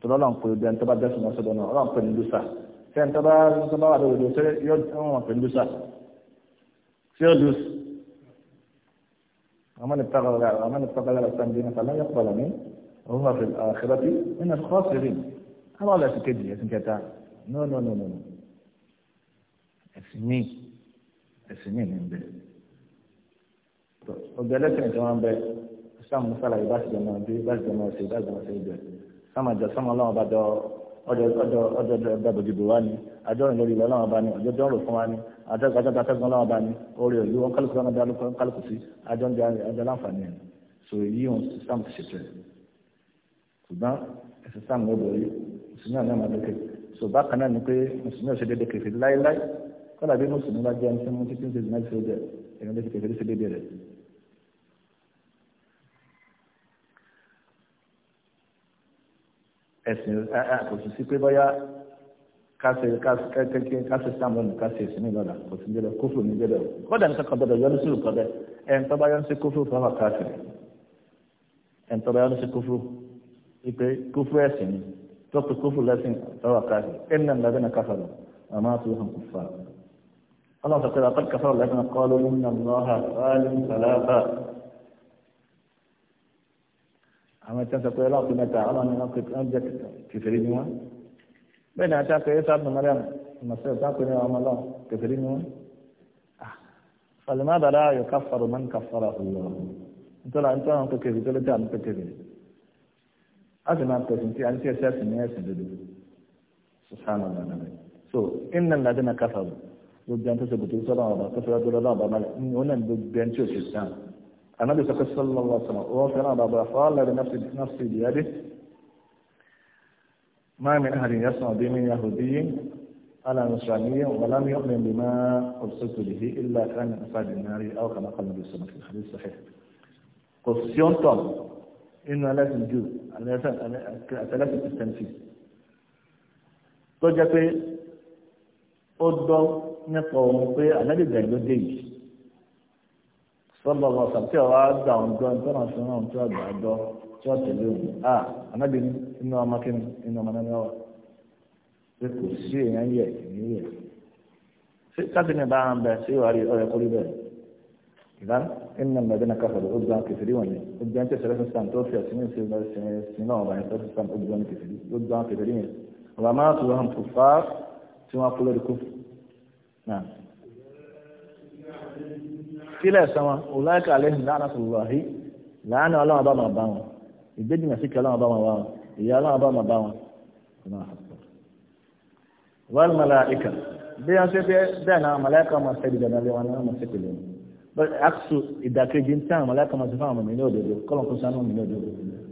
tọ́lọ́ lọ́n pé ọdún tó bá dẹ́sìn wọn sọ́dọ̀ náà ọlọ́run pè ní lùsà sẹ́ǹ tó bá tó bá wà lórí ọdún yọ ومن ابتغى ومن ابتغى الإسلام دينا فلا يقبل منه وهو في الآخرة من الخاسرين àwọn ọlọsì kejì ẹsìn kẹta no no no no ẹsìn mi ẹsìn mi ní bẹ ọgbẹ ẹlẹsìn tí wọn bẹ sáà musala yìí bá ti dẹmọ bí bá ti dẹmọ ṣe bá ti dẹmọ ṣe bẹ sáà máa jọ sáà máa lọ́wọ́ bá jọ ọjọ́ ọjọ́ ọjọ́ ọjọ́ bójúbò wá ni àjọyìn lórí ilẹ̀ ọlọ́run ọba ni ọjọ́ jọ́rò fún wa ni àjọyìn àjọyìn atẹ́gùn ọlọ́run ọba ni orí òyìnbó wọn kálukú lọ́nà dáa lóko kálukú sí àjọyìn àjọyìn láǹfààní ẹ̀ so èyí òun sísám ti ṣètò ẹ̀ ṣùgbọ́n sísám ló borí mùsùlùmí àná máa lókè so bákan náà ni pé mùsùlùmí ò ṣe déédéé kèfé láéláé kọ́lá bí mùsùlùmí bá jẹ́ ẹni tí kase kase kase kase samu ni kase sini lọla kò sí jẹbẹ kófù ní jẹbẹ o kódà ní kankan gbọ́dọ̀ yọnu sí òkọ bẹ ẹ ń tọ́ba yọnu sí kófù fún wa kase ẹ ń tọ́ba yọnu sí kófù ipe kófù ẹ̀sìn ni tọ́pù kófù lẹ́sìn fún wa kase ẹ ń nà ní abẹ́nà kásá lọ àmọ́ àti òhàn kò fà. ọlọ́run sọ pé àpẹẹrẹ kásá lọ lẹ́sìn kọ́ ń nà lọ́ha fáálí sàlábà. àwọn ìtẹ́sọ̀ pé ọlọ́run bẹ́ẹ̀ ni àti akẹ́yẹ sábà mariam ìmọ̀sẹ̀ ìtàkùn ní ọmọ náà kẹfẹ́rí ni wọ́n. falimada la yóò káfàrọ̀ mọ́ni káfàrọ̀ ọ̀yọ́ nítorí àti àwọn kékeré tó lè dé àwọn kékeré a sì máa pẹ̀sìn tí a ẹsẹ̀ ẹ̀sìn ní ẹ̀sìn dodo sùsànà nàdàmẹ́ so iná ladé na káfàrọ̀ gbogbo ẹni tó ṣe bùtù sọ́dọ̀ ọ̀bà tó fẹ́ gbọ́dọ̀ ọ̀bà mọ́lẹ̀ ní ọ̀nà gbogbo ẹni tí ò ṣe sàn ànábì sọ́kẹ́ sọ́lọ́wọ́ sọ̀rọ̀ wọ́n fẹ́ràn ما من أحد يسمع بي من يهودي على نصرانية ولم يؤمن بما أرسلت به إلا كان من أصحاب النار أو كما قال النبي صلى الله عليه وسلم في الحديث الصحيح قصيونتم إنه لازم جو أتلازم التنفيذ tó jẹ́ pé ó dọ́ nípa òun pé ànágbègbè ló dé yìí sọ́lọ́lọ́ sàtì ọ̀wá gbà òun gbọ́ nítorí àwọn ọ̀sán náà tó àgbà dọ́ tí wọ́n tẹ̀lé òun a anábì ní inú ọmọ kí ni inú ọmọ náà wà pé kò sí èèyàn yẹ èèyàn yẹ ṣé sábì ní báyà ń bẹ sí ìwà rí ọ̀rẹ́ kórè bẹ́ẹ̀ ìdáná inú ọmọ ẹgbẹ́ náà káfọ̀dọ̀ ó gbọ́n kẹfìrí wọ̀nyí ó gbọ́n tẹ̀sẹ̀rẹ́ sísan tó fi ọ̀sìn ìsìn ìsìn náà ọ̀bà ẹ̀sẹ̀ sísan ó gbọ́n kẹfìrí ó gbọ́n kẹfìrí yẹn ọ̀bà máa tó hàn kò fà á tí wọ́n kú lórí kú náà. kílẹ̀ sọ́wọ́n ọ̀làkà àlẹ́ ìlànà sọ̀rọ̀ àhí làánà ọlọ́run bá máa bá wọn ìgbéjìnà sí kẹlẹ́ àwọn bá wọn wá wọn ìyá aláwọn bá wọn bá wọn ọ̀nà àpò. wal malaika bí wọ́n ṣe fẹ́ bẹ́ẹ̀ náà màláìka máa ṣe ìdàgbà lé wọn náà máa ṣe pèlè wọn. bẹ́ẹ̀ àkùsù ìdàkejì tí àwọn màláìka máa ṣe fún àwọn mìíràn òdodo kọ́lọ̀ kó sánú mìíràn òdodo.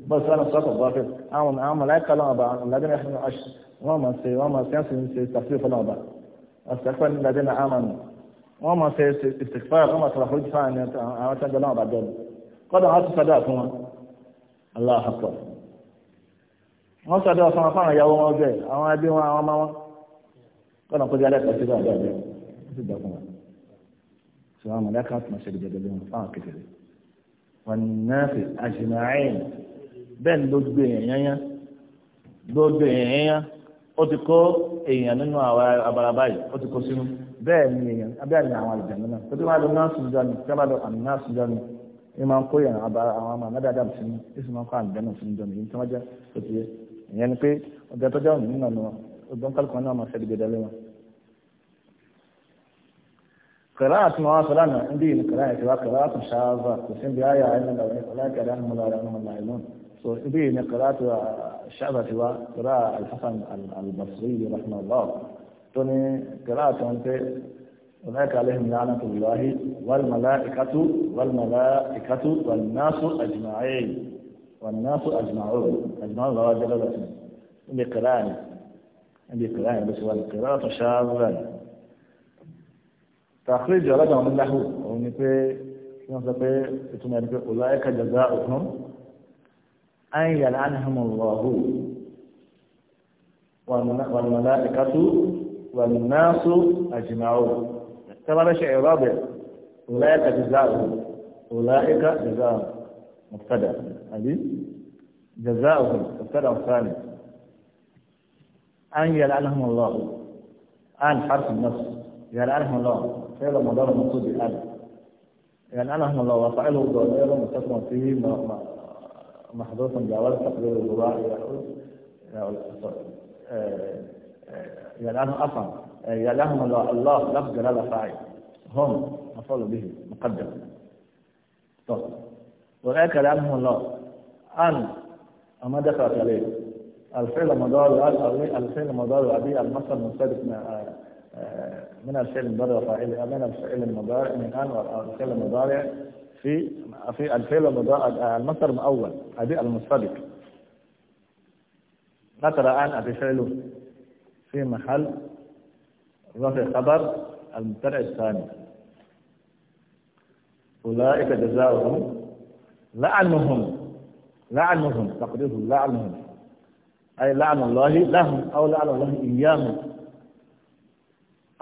bọ́ọ̀ sọ́nà sọ́kọ̀ bọ́ fẹ́ àwọn màláìka lọ́wọ́ bá ọ̀làdínà wọ́n máa ṣe ní ìdàdínà àmàlù wọ́n Allahu Akbar wọ́n sọ̀dọ̀ ọ̀sán wọn fáwọn ìyàwó wọn bẹ́ẹ̀ àwọn ẹbí wọn àwọn ọmọ wọn kọ́nà kó di alẹ́ kan síbẹ̀ àbẹ́ àbẹ́ ó sì dọ̀kun wọn sọ àwọn mọ̀lẹ́kà tó máa ṣe ìjẹ́jẹ́ bí wọn fáwọn kékeré wọn náà fi àṣìmáyìn bẹ́ẹ̀ ni gbogbo èèyàn yányá gbogbo èèyàn yányá ó ti kó èèyàn nínú àwọn abalaba yìí ó ti kó sínú bẹ́ẹ̀ ni èèyàn abẹ́ àná àwọn àlùjànnú náà tó ti wá lọ náà sùn jọ ni tí wọ́n bá ìmọ̀ ń kó yẹn àwọn ọmọ adáadáa mùsùlùmí ìsìn máa ń kó àlùjá mùsùlùmí dọ̀nà èyí tí wọ́n jẹ́ òtún yẹ ìyẹn ni pé ọ̀gá tó jẹ́ òmìnira nù wọn ọgbọ́n kálukú náà máa fẹ́ dìgbẹ́dẹ́ lé wọn. kẹ̀rẹ́ àti mọ́ aṣọ lánàá ń bí ìlú kẹ̀rẹ́ àti wá kẹ̀rẹ́ àti ṣááfà kò sí ibi ayé àyè nígbà wọn ọlá kẹ̀rẹ́ àti mọ́lá àyè mọ́lá àyè lónìí so ibi ìlú kẹ̀rẹ́ àti ṣááfà ti wá kẹ̀rẹ́ àlùfáàn àlùbàṣírí rahmanulah tó ní kẹ̀rẹ́ àti wọn pé هناك عليهم لعنة الله والملائكة والملائكة والناس أجمعين والناس أجمعون أجمعون الله جل وعلا بقران بقران بس والقراءة شاذة تخرج رجع من له ونبي في كما سبب يعني أولئك جزاؤهم أن يلعنهم الله والملائكة والناس أجمعون كما نشا اعراب اولئك جزاء اولئك جزاء مبتدا هذه جزاء مبتدا ثاني ان يلعنهم الله ان حرف النص يلعنهم الله فعل مضارع مقصود الان يلعنهم الله وفعله ضمير مستثمر فيه محدوث جواز تقرير الرباعي يقول يلعنهم افهم لهم الله لفظ جلالة فاعل هم مفعول به مقدم طب وذلك يعلمهم الله أن أما دخلت عليه الفعل المضارع الفعل المضارع به المصدر المنسلك آه، آه، من الفعل المضارع فاعل آه، من الفعل المضارع من أن الفعل المضارع في في الفعل المضارع المصدر الأول أبي المنسلك نقرأ أن أبي فعل في محل رفع خبر المبتدع الثاني أولئك جزاؤهم لعنهم لعنهم تقديره لعنهم أي لعن الله لهم أو لعن الله إياهم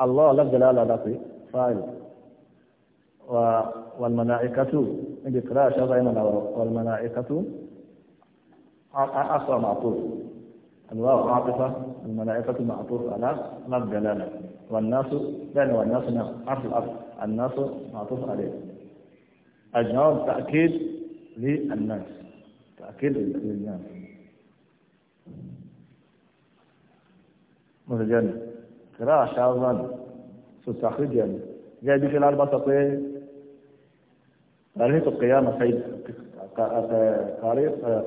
الله لا جلال لطي فاعل والملائكة عند قراءة شرعنا والملائكة أقوى معطوف الواو عاطفة الملائكة معطوف على لا الجلالة والناس لأن والناس عرف الأصل الناس معطوف عليه الجواب تأكيد للناس تأكيد للناس مثلا قراءة شاذا تستخرج يعني جاي بك الأربعة تقول تاريخ القيامة سيد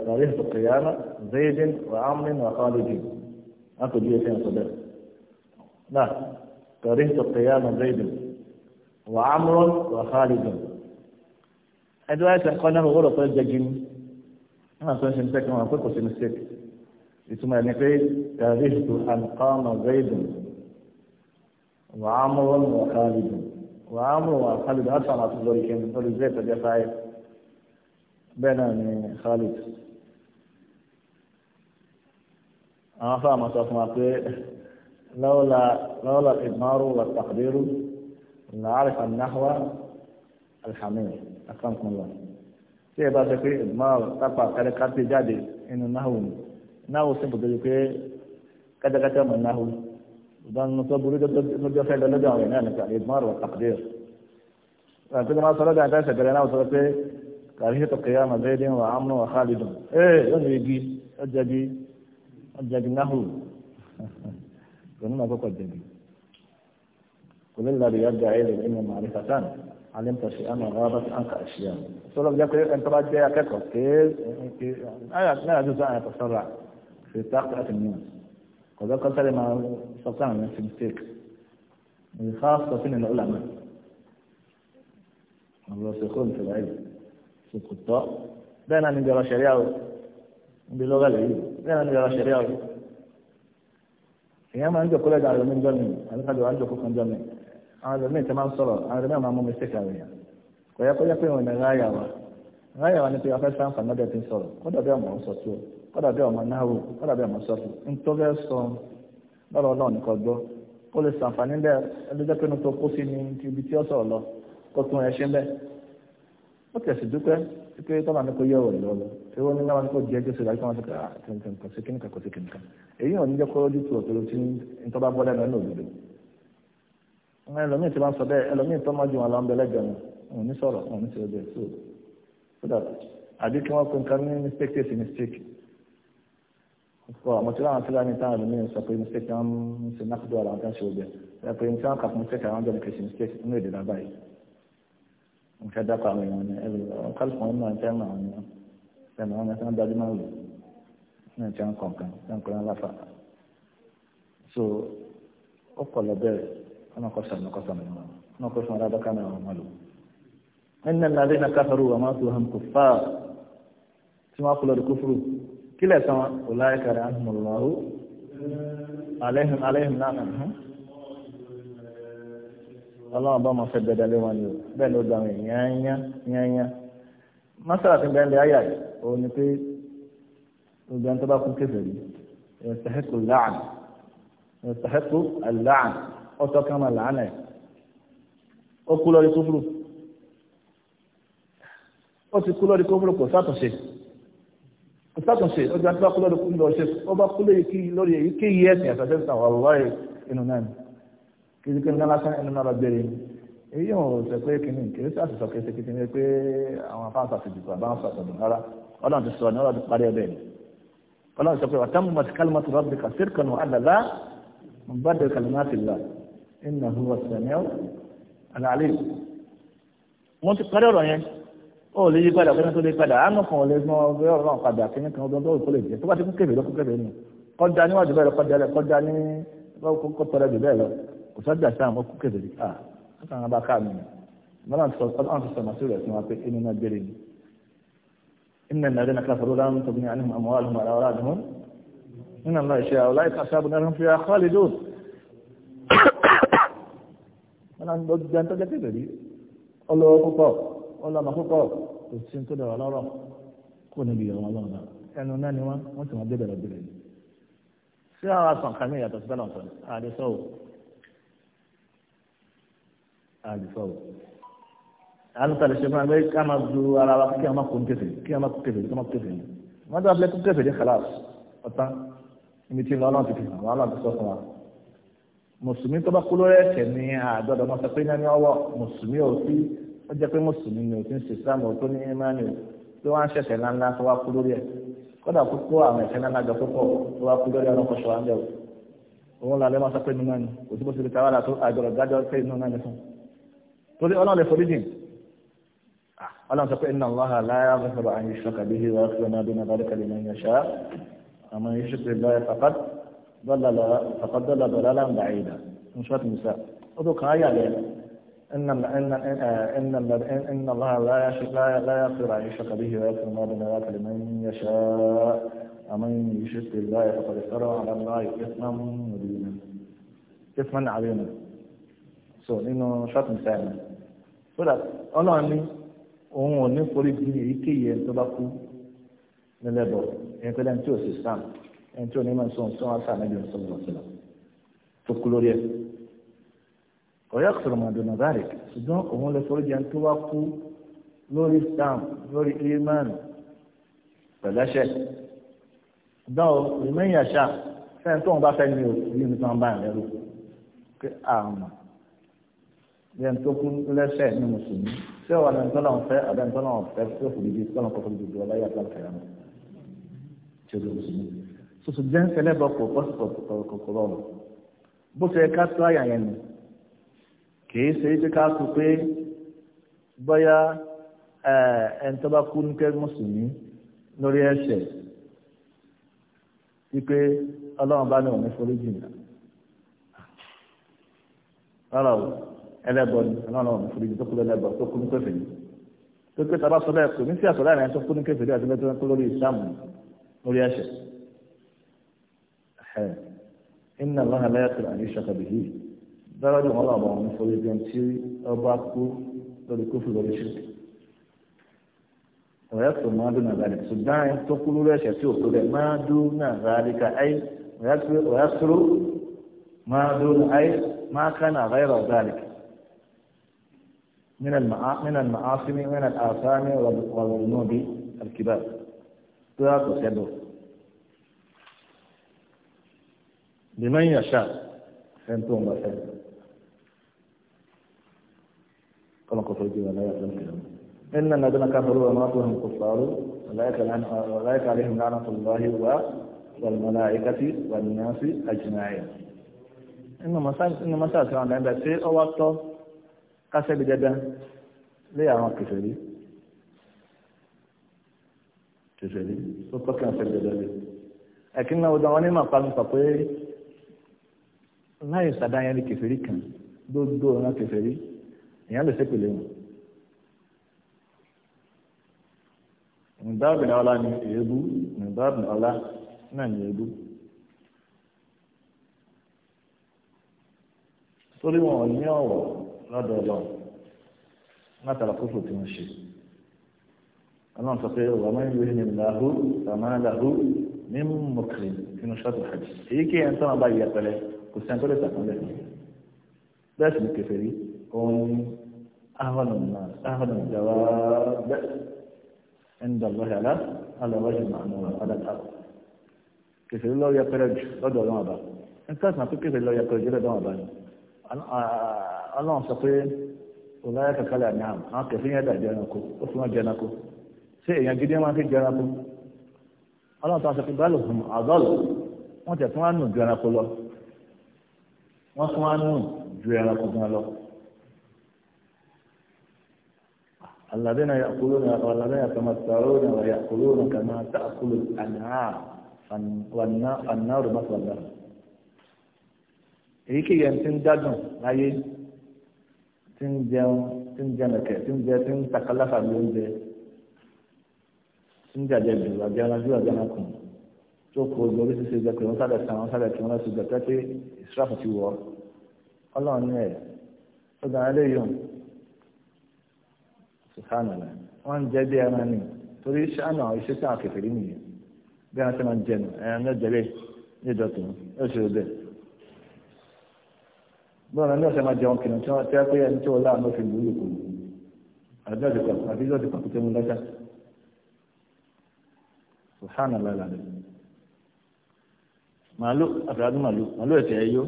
تاريخ القيامة زيد وعمر وخالد أكو جيتين صدر صدق لا نعم. كرهت قيام زيد وعمر وخالد ادوا تقول انه غلط الجن انا كنت مسك انا كنت مسك ثم يعني كيف إيه؟ كرهت ان قام زيد وعمر وخالد وعمر وخالد اصلا في ذلك يقول زيد قد يفعل بين يعني خالد انا فاهم اصلا ما لولا لولا الإضمار والتقدير لعرف النحو الحميد أكرمكم الله tí ẹ bá sọ pé ìgbọ́n tápà kárẹ́kátì jáde nínú náhù ni náhù sì bùdó pé kátàkátà ọmọ náhù ìdánimọ̀ tó burú lójó fẹ́ lọ́jọ́ àwọn ènìyàn nípa ìgbọ́n rọ̀ tàkìdér. wọn tó ní wọn sọ̀rọ̀ dáadáa ṣẹ̀gbẹ̀rẹ̀ náà sọ̀rọ̀ pé kàríṣẹ́ tó kẹ́yà mà bẹ́ẹ̀ dín wà á mú ọ̀há lìdùn. ee yóò ní igi ọjàgi ọjàgi náhù lónìí máa kọ́kọ́ jẹ̀bi kò lè lọ́dọ̀ yọ̀dọ̀ ayé rẹ̀ nínú màálí fatan alẹ́ nípa ṣe àmọ̀ ọ̀rọ̀ bá ti àǹkà àṣìyà sọ́dọ̀ jẹ́ pé ẹni tó bá jẹ́ akẹ́kọ̀ọ́ kéé náírà tó sọ àyàtọ̀ sọ́ra ṣe táàkì láti mú kò lọ́kọ́ sáré máa sọ pé àwọn ẹ̀sìn mistake ìfá sọ sínú ìlú ọ̀làmà ọ̀rọ̀ ṣèkó ìfẹ̀lẹ́ yìí ṣèkò tọ́ bẹ́ẹ̀ náà ní ìjọba ṣẹ̀ríà o níbi lọ́gàlẹ̀ yìí bẹ́ẹ̀ náà ní ìjọba ṣẹ̀ríà o èèyàn máa ń jòkó lẹ́dọ̀ àrùn níjọ́ mi àlùkàdọ̀ à ń jòkó kan jọ́ mi àwọn àrùn mìíràn ti máa ń sọ̀rọ̀ àwọn àrùn mìíràn máa ń mú mi ṣèkà rẹ̀ yàn kò yẹ kó yẹ pé òun ní ráyà wa ráyà wa ni pé afẹ́ sáǹfà náà ti ń sọ̀rọ̀ kódà bí ọmọ sọ tó kódà bí ọmọ náwó kódà bí ọmọ sọ tó nítorí sọ lọ́rọ̀ ọlọ́run nìkan gbọ́ kó lè sàǹfà nílẹ̀ ẹlẹ́jọ́ pé nítorí kó sí ni ibi tí ó sọ̀rọ̀ lọ kó tún ẹ ṣe bẹ́ẹ̀ ó tẹ̀sí dúpẹ́ pé tọ́lá ní kò yẹ ọ̀rẹ́ lọ́lọ́ tí wọ́n ní láwọn kò jẹ́ jẹ́ sọ̀rọ̀ àìkọ́wọ́n sọ̀rọ̀ àtẹnukẹ́ kò sí kíníkà kò sí kíníkà èyí ò ní jẹ́ kọ́rọ́jú tó ọ̀tọ̀rọ̀ tí ntọ́ba bọ́lá náà lòdòdò ẹlòmíì tí wọ́n sọ bẹ́ẹ̀ ẹlòmíì tó máa ju wọn lọ́n bẹ́lẹ́ gan òun ní sọ̀rọ̀ òun ní sọ̀rọ̀ bẹ́ẹ̀ so so that àbí kí wọ́n pe nǹkan ní mistake tẹ̀sí mistake kọ́ àmọ́ tí láwọn fúlàní táwọn ẹlòmíì sọ pé mistake náà ń ṣe nákúdọ̀ àwọn kan ṣe ọbẹ̀ ẹ pé nǹkan kàkún mistake àwọn jọ ní kẹsì mistake nínú èdè náà báyìí nǹkan dápọ̀ àwọn èèyàn ni ẹ̀rọ ọ̀hún kálífọ̀n ọ̀hún náà fẹ́ràn àwọn èèyàn fẹ́ràn àwọn ẹ̀sán dájú máa lò ní ìtì àwọn kọ̀ọ̀kan tí wọ́n pè wọ́n láfa so ó pọ̀ lọ bẹ́ẹ̀ ọ̀nà kọ́sà ọ̀nà kọ́sà ọ̀nà ọ̀nà kọ́sà ọ̀nà adọ́ká náà wọ́n lò ẹ̀nà nàdé na káfàrú wà máa tó hàn kò fà tí wọ́n kúlọ̀ dùkú fúru kílẹ̀ sàn wọn ọ̀là ẹ̀kàrẹ̀ àhùn mọ̀lọ́wọ́ ọlọ́run bá máa fẹ́ dada lé wọn ni o bẹ́ẹ̀ ló dàrú yányá yányá masala ti bẹ́ẹ̀ lé ayà yìí òun ni pé obìnrin tó bá kú kéfèé rí ìrìnsàhẹ́kù láàn ìrìnsàhẹ́kù àláàn ọ̀tọ̀ kan máa làánà ẹ̀ ó kú lórí kófúrú ó ti kú lórí kófúrú kò sátúnṣe kò sátúnṣe ó ti bá kú lórí kófúrú ó bá kú lórí èyíkéyìí ẹ̀sìn àtàtẹ́sán wà wáyé inú náà ni kìí pé ńlá lásán ẹnu náà lọ bẹ̀rẹ̀ èyí yóò sọ pé kìíní kìí sí àṣìṣọ kìí ṣe kìíní pé àwọn afáǹsà ti dùkọ̀ àbáwọn sọ àtọ̀dùn rárá ọlọ́run ti sọ ní ọlọ́run ti parí ẹbẹ̀ ni ọlọ́run sọ pé wà tán mọ̀ sí kálímọ̀ tó rọ́bì kà sí kànú àdàlá ń bá dé kálímọ̀ ti là ẹnà huwa sẹ̀mẹ́ọ̀ àlàálẹ̀ wọ́n ti parí ọ̀rọ̀ yẹn ó lè yí padà kí lè padà àánú kan ò lè mọ ọgbẹ́ ọ̀rọ̀ náà padà kí nìkan ọdún ọdún ìkólè jẹ tó bá ti kún kébè lọ kún kébè nù kọjá níwájú bẹ́ẹ̀ lọ kọjá lẹ kọjá ní kọtọrẹ jù bẹ́ẹ̀ lọ kò sájà sí àwọn ọkọ kẹsìrì à kọ́kọ́ àwọn abáká mi nà lọ́nà sọ ọlọ́run sọ màsí rẹ̀ fún wa pé inú náà gbére ni inú ẹ̀ nàdé nàkàlà sọ̀rọ̀ láwọn tó ní àní àmọ́ àlùmọ́ àlà ọ̀rọ̀ àdùnmọ́ nínú àlọ́ ìṣe àwọn láì kàṣà àbùnà rẹ̀ fi àkọọ́lẹ̀ dò ọlọ́run ló gbé ẹ̀ńtọ́jẹ́ kẹsìrì ọlọ́wọ́ púpọ̀ ọlọ́mọ púpọ̀ kò sí ní tó dọ̀rọ̀ lọ́rọ̀ kó àdìsọ́ o alùpàdé ṣe máa ń gbé ká máa du ara wa kí a máa kún kẹfẹ kí a máa kún kẹfẹ kí a máa kún kẹfẹ ni wọn dábàá kún kẹfẹ ní kàlá ọtán ibi tí lọ́lọ́run ti fi hàn wọn lọ́run ti sọ fún wa mùsùlùmí tó bá kú lórí ẹ̀ṣẹ̀ ní àádọ́dọ̀ máa sọ pé ní ọwọ́ mùsùlùmí ò sí ó jẹ́ pé mùsùlùmí ni ò ti ń ṣe islam ò tó ní imáni tó wá ń ṣẹ̀ṣẹ̀ ńláńlá tó wá kú lórí ẹ̀ kódà kókó àwọn ẹ̀ṣẹ̀ ńláńlá jọ púpọ̀ tó wá kú lórí ọlọ́kọ̀ṣọ́ wa ń bẹ̀rù òun làlẹ́ máa sọ pé nínú náà ni kò sí ti di káwá làtó àjọrọ̀ dájọ́ pé nínú náà ni fún un. torí ọlọ́run lè forí jìn ọlọ́run sọ pé iná Allaha la yaghfiru an yushraka bihi wa yaghfiru ma duna dhalika liman yasha' wa man yushrik billahi faqad dalla dalalan ba'ida min surat an-nisa ó tó kàn á yà lẹ́yìn. إن إن إن إن الله لا لا لا يغفر أن يشرك به ويغفر ما دون ذلك لمن يشاء ومن يشرك بالله فقد افترى على الله إثما مبينا إثما عظيما. سو إنه شرط so that ọlọ́run ní òun ò ní forí di èyíkéyìí ẹni tó bá kú nílẹ̀bọ̀ ẹni tó dẹ́ni tí ò sì sàn ẹni tí ò ní máa ń sọ ohun tí wọ́n á sàn níbi ìsọ̀rọ̀ lọ́sọ̀rọ̀ tó kú lórí ẹ̀. ọ̀yọ́ sọ̀rọ̀ màdùnà báyìí ṣùgbọ́n òun lè forí di ẹni tó wá kú lórí sàn lórí iman pẹ̀lẹ́ṣẹ̀ dán o ìmẹ̀yìn àṣà fẹ́ẹ́ tó ń bá fẹ́ ní yẹn tó kú lẹ́sẹ̀ ní mùsùlùmí ṣé wà ní ntọ́nà ọ̀fẹ́ àbẹ́ ntọ́nà ọ̀fẹ́ tí ó fòdì bí tọ́nà kọ́kọ́ dùdú ọlá yà tó kẹ́yà mọ́ tí ó di mùsùlùmí soso jẹ́ nsẹ́lẹ̀ bọ́ kò kọ́ kòkòrò ọ̀rọ̀ bó ṣe ká tó àyà yẹn nù kìí ṣe é ká tó pé bóyá ẹ̀ńtọ́ bá kú ní ẹlẹ́bọ ni ọlọ́run ọ̀nà fúnni tó kú lẹ́lẹ́bọ tó kú ní kèfèrí tó pé sábà sọ bẹ́ẹ̀ kò ní sí àsọ láàrin ẹni tó kú ní kèfèrí àti lẹ́tọ́ tó lórí ìsìlámù lórí ẹ̀ṣẹ̀ ẹ̀ iná lọ́nà lẹ́yàtọ̀ àyè ṣàkàbí yìí dáwọ́dì wọn làwọn ọmọ ìfọwọ́ ibi tí ọba kú lórí kófù lórí ṣe ọ̀yà máa dún nàzàlẹ̀ ṣùgbọ́n tó kú lórí ẹ̀ṣẹ̀ tí òkú máa dún nàzàlẹ̀ ká ẹ̀ ọ̀yà من من المعاصم من الآثام والذنوب الكبار تراك سبب لمن يشاء فانتم بخير كما قلت لك لا يعلم إن الذين كفروا وماتوا هم كفار أولئك عليهم لعنة الله والملائكة والناس أجمعين إنما سأل إنما سأل عن عند سيء أو أكثر kásẹ̀bi dandan lé àwọn kẹfẹ́rí kẹfẹ́rí tó tọ́kẹ́ àwọn sẹ́bi dandan lé ẹ̀kí náà ọdún àwọn onímọ̀ pàmò pàpé láì sàdáyẹn ní kẹfẹ́rí kan gbogbo ọ̀nà kẹfẹ́rí èèyàn lè sẹ́pẹ̀lẹ́ wọn. nìbáàbì náà ọlá ni èébú nìbáàbì náà ọlá náà ni èébú. torí wọn ò ní ọ̀wọ̀ lọ́dọ̀ ọlọ́run látara kófò tí wọ́n ṣe ọlọ́run sọ pé wà máa ń yọ ẹni làhú tàmáà làhú ní mọ̀kìrì nínú ṣọ́ọ̀tù hajj èyí kí ẹni tó máa bá yẹ pẹlẹ kò sí ẹni tó lè sàkúnlẹ̀ bẹ́ẹ̀ sì ni kẹfẹ́rí òun ní ahọ́nà náà ahọ́nà ìjàwá bẹ́ẹ̀ ẹni dàgbọ́ yàrá alọ́wọ́sì màánù ọ̀dàkà kẹfẹ́rí lọ́ọ́ yẹ pẹlẹ jù lọ́dọ̀ ọlọ́run àbá ẹni tó sàn pé kẹfẹ́rí lọ́ọ́ yẹ pẹlẹ jù lọ́dọ̀ ọlọ́run àbá ni ọlọ́run sọ pé ọláyà kankanlẹ̀ àmì àmì àwọn kẹfì yẹn dà jẹranko ó fi wọn jẹranko ṣé èèyàn gidi wọn fi jẹranko ọlọ́run tó wọn sọ pé báàlù hùm àzọ́lù wọn tẹ̀ fún wọn nù ju ẹranko lọ wọn fún wọn nù ju ẹranko gan lọ. الذين يأكلون والذين يتمتعون ويأكلون كما تأكل الأنعام والنار مثوى لهم. èyíkéyìí ẹni tí ń dádùn láyé tí ń jẹun tí ń jẹnìkẹ tí ń jẹ tí ń takalafa ní oúnjẹ tí ń jàjẹ jù àjẹun ajú àjẹun kù tó kó ogun orí ṣíṣe jẹ pé wọn sábẹ san wọn sábẹ kí wọn lọ sí jẹ pé pé ìṣúrafù ti wọ Ọlọ́run ní ẹ ó gan an léyìn sùkánù rẹ wọn ń jẹ bí ẹran ni torí ṣáná iṣẹ́ tí kẹfẹ nìyẹn bí wọn ṣe máa ń jẹnu ẹran ní ọjọ́ bẹ́ẹ̀ ní ìdọtún ó ṣe bẹ́ẹ̀ bọ́ọ̀nà ní ọ̀sẹ̀ máa jẹun kìnnà tí wọ́n tẹ́ pé ẹni tí wọ́n láàánú fi lùú lòkùn àdéhùn àdéhùn àti pàkúté mu lọ́jà sùhánà lálẹ́ rẹ̀ màálù àtàládù màálù màálù ẹ̀sẹ̀ ẹ̀ yó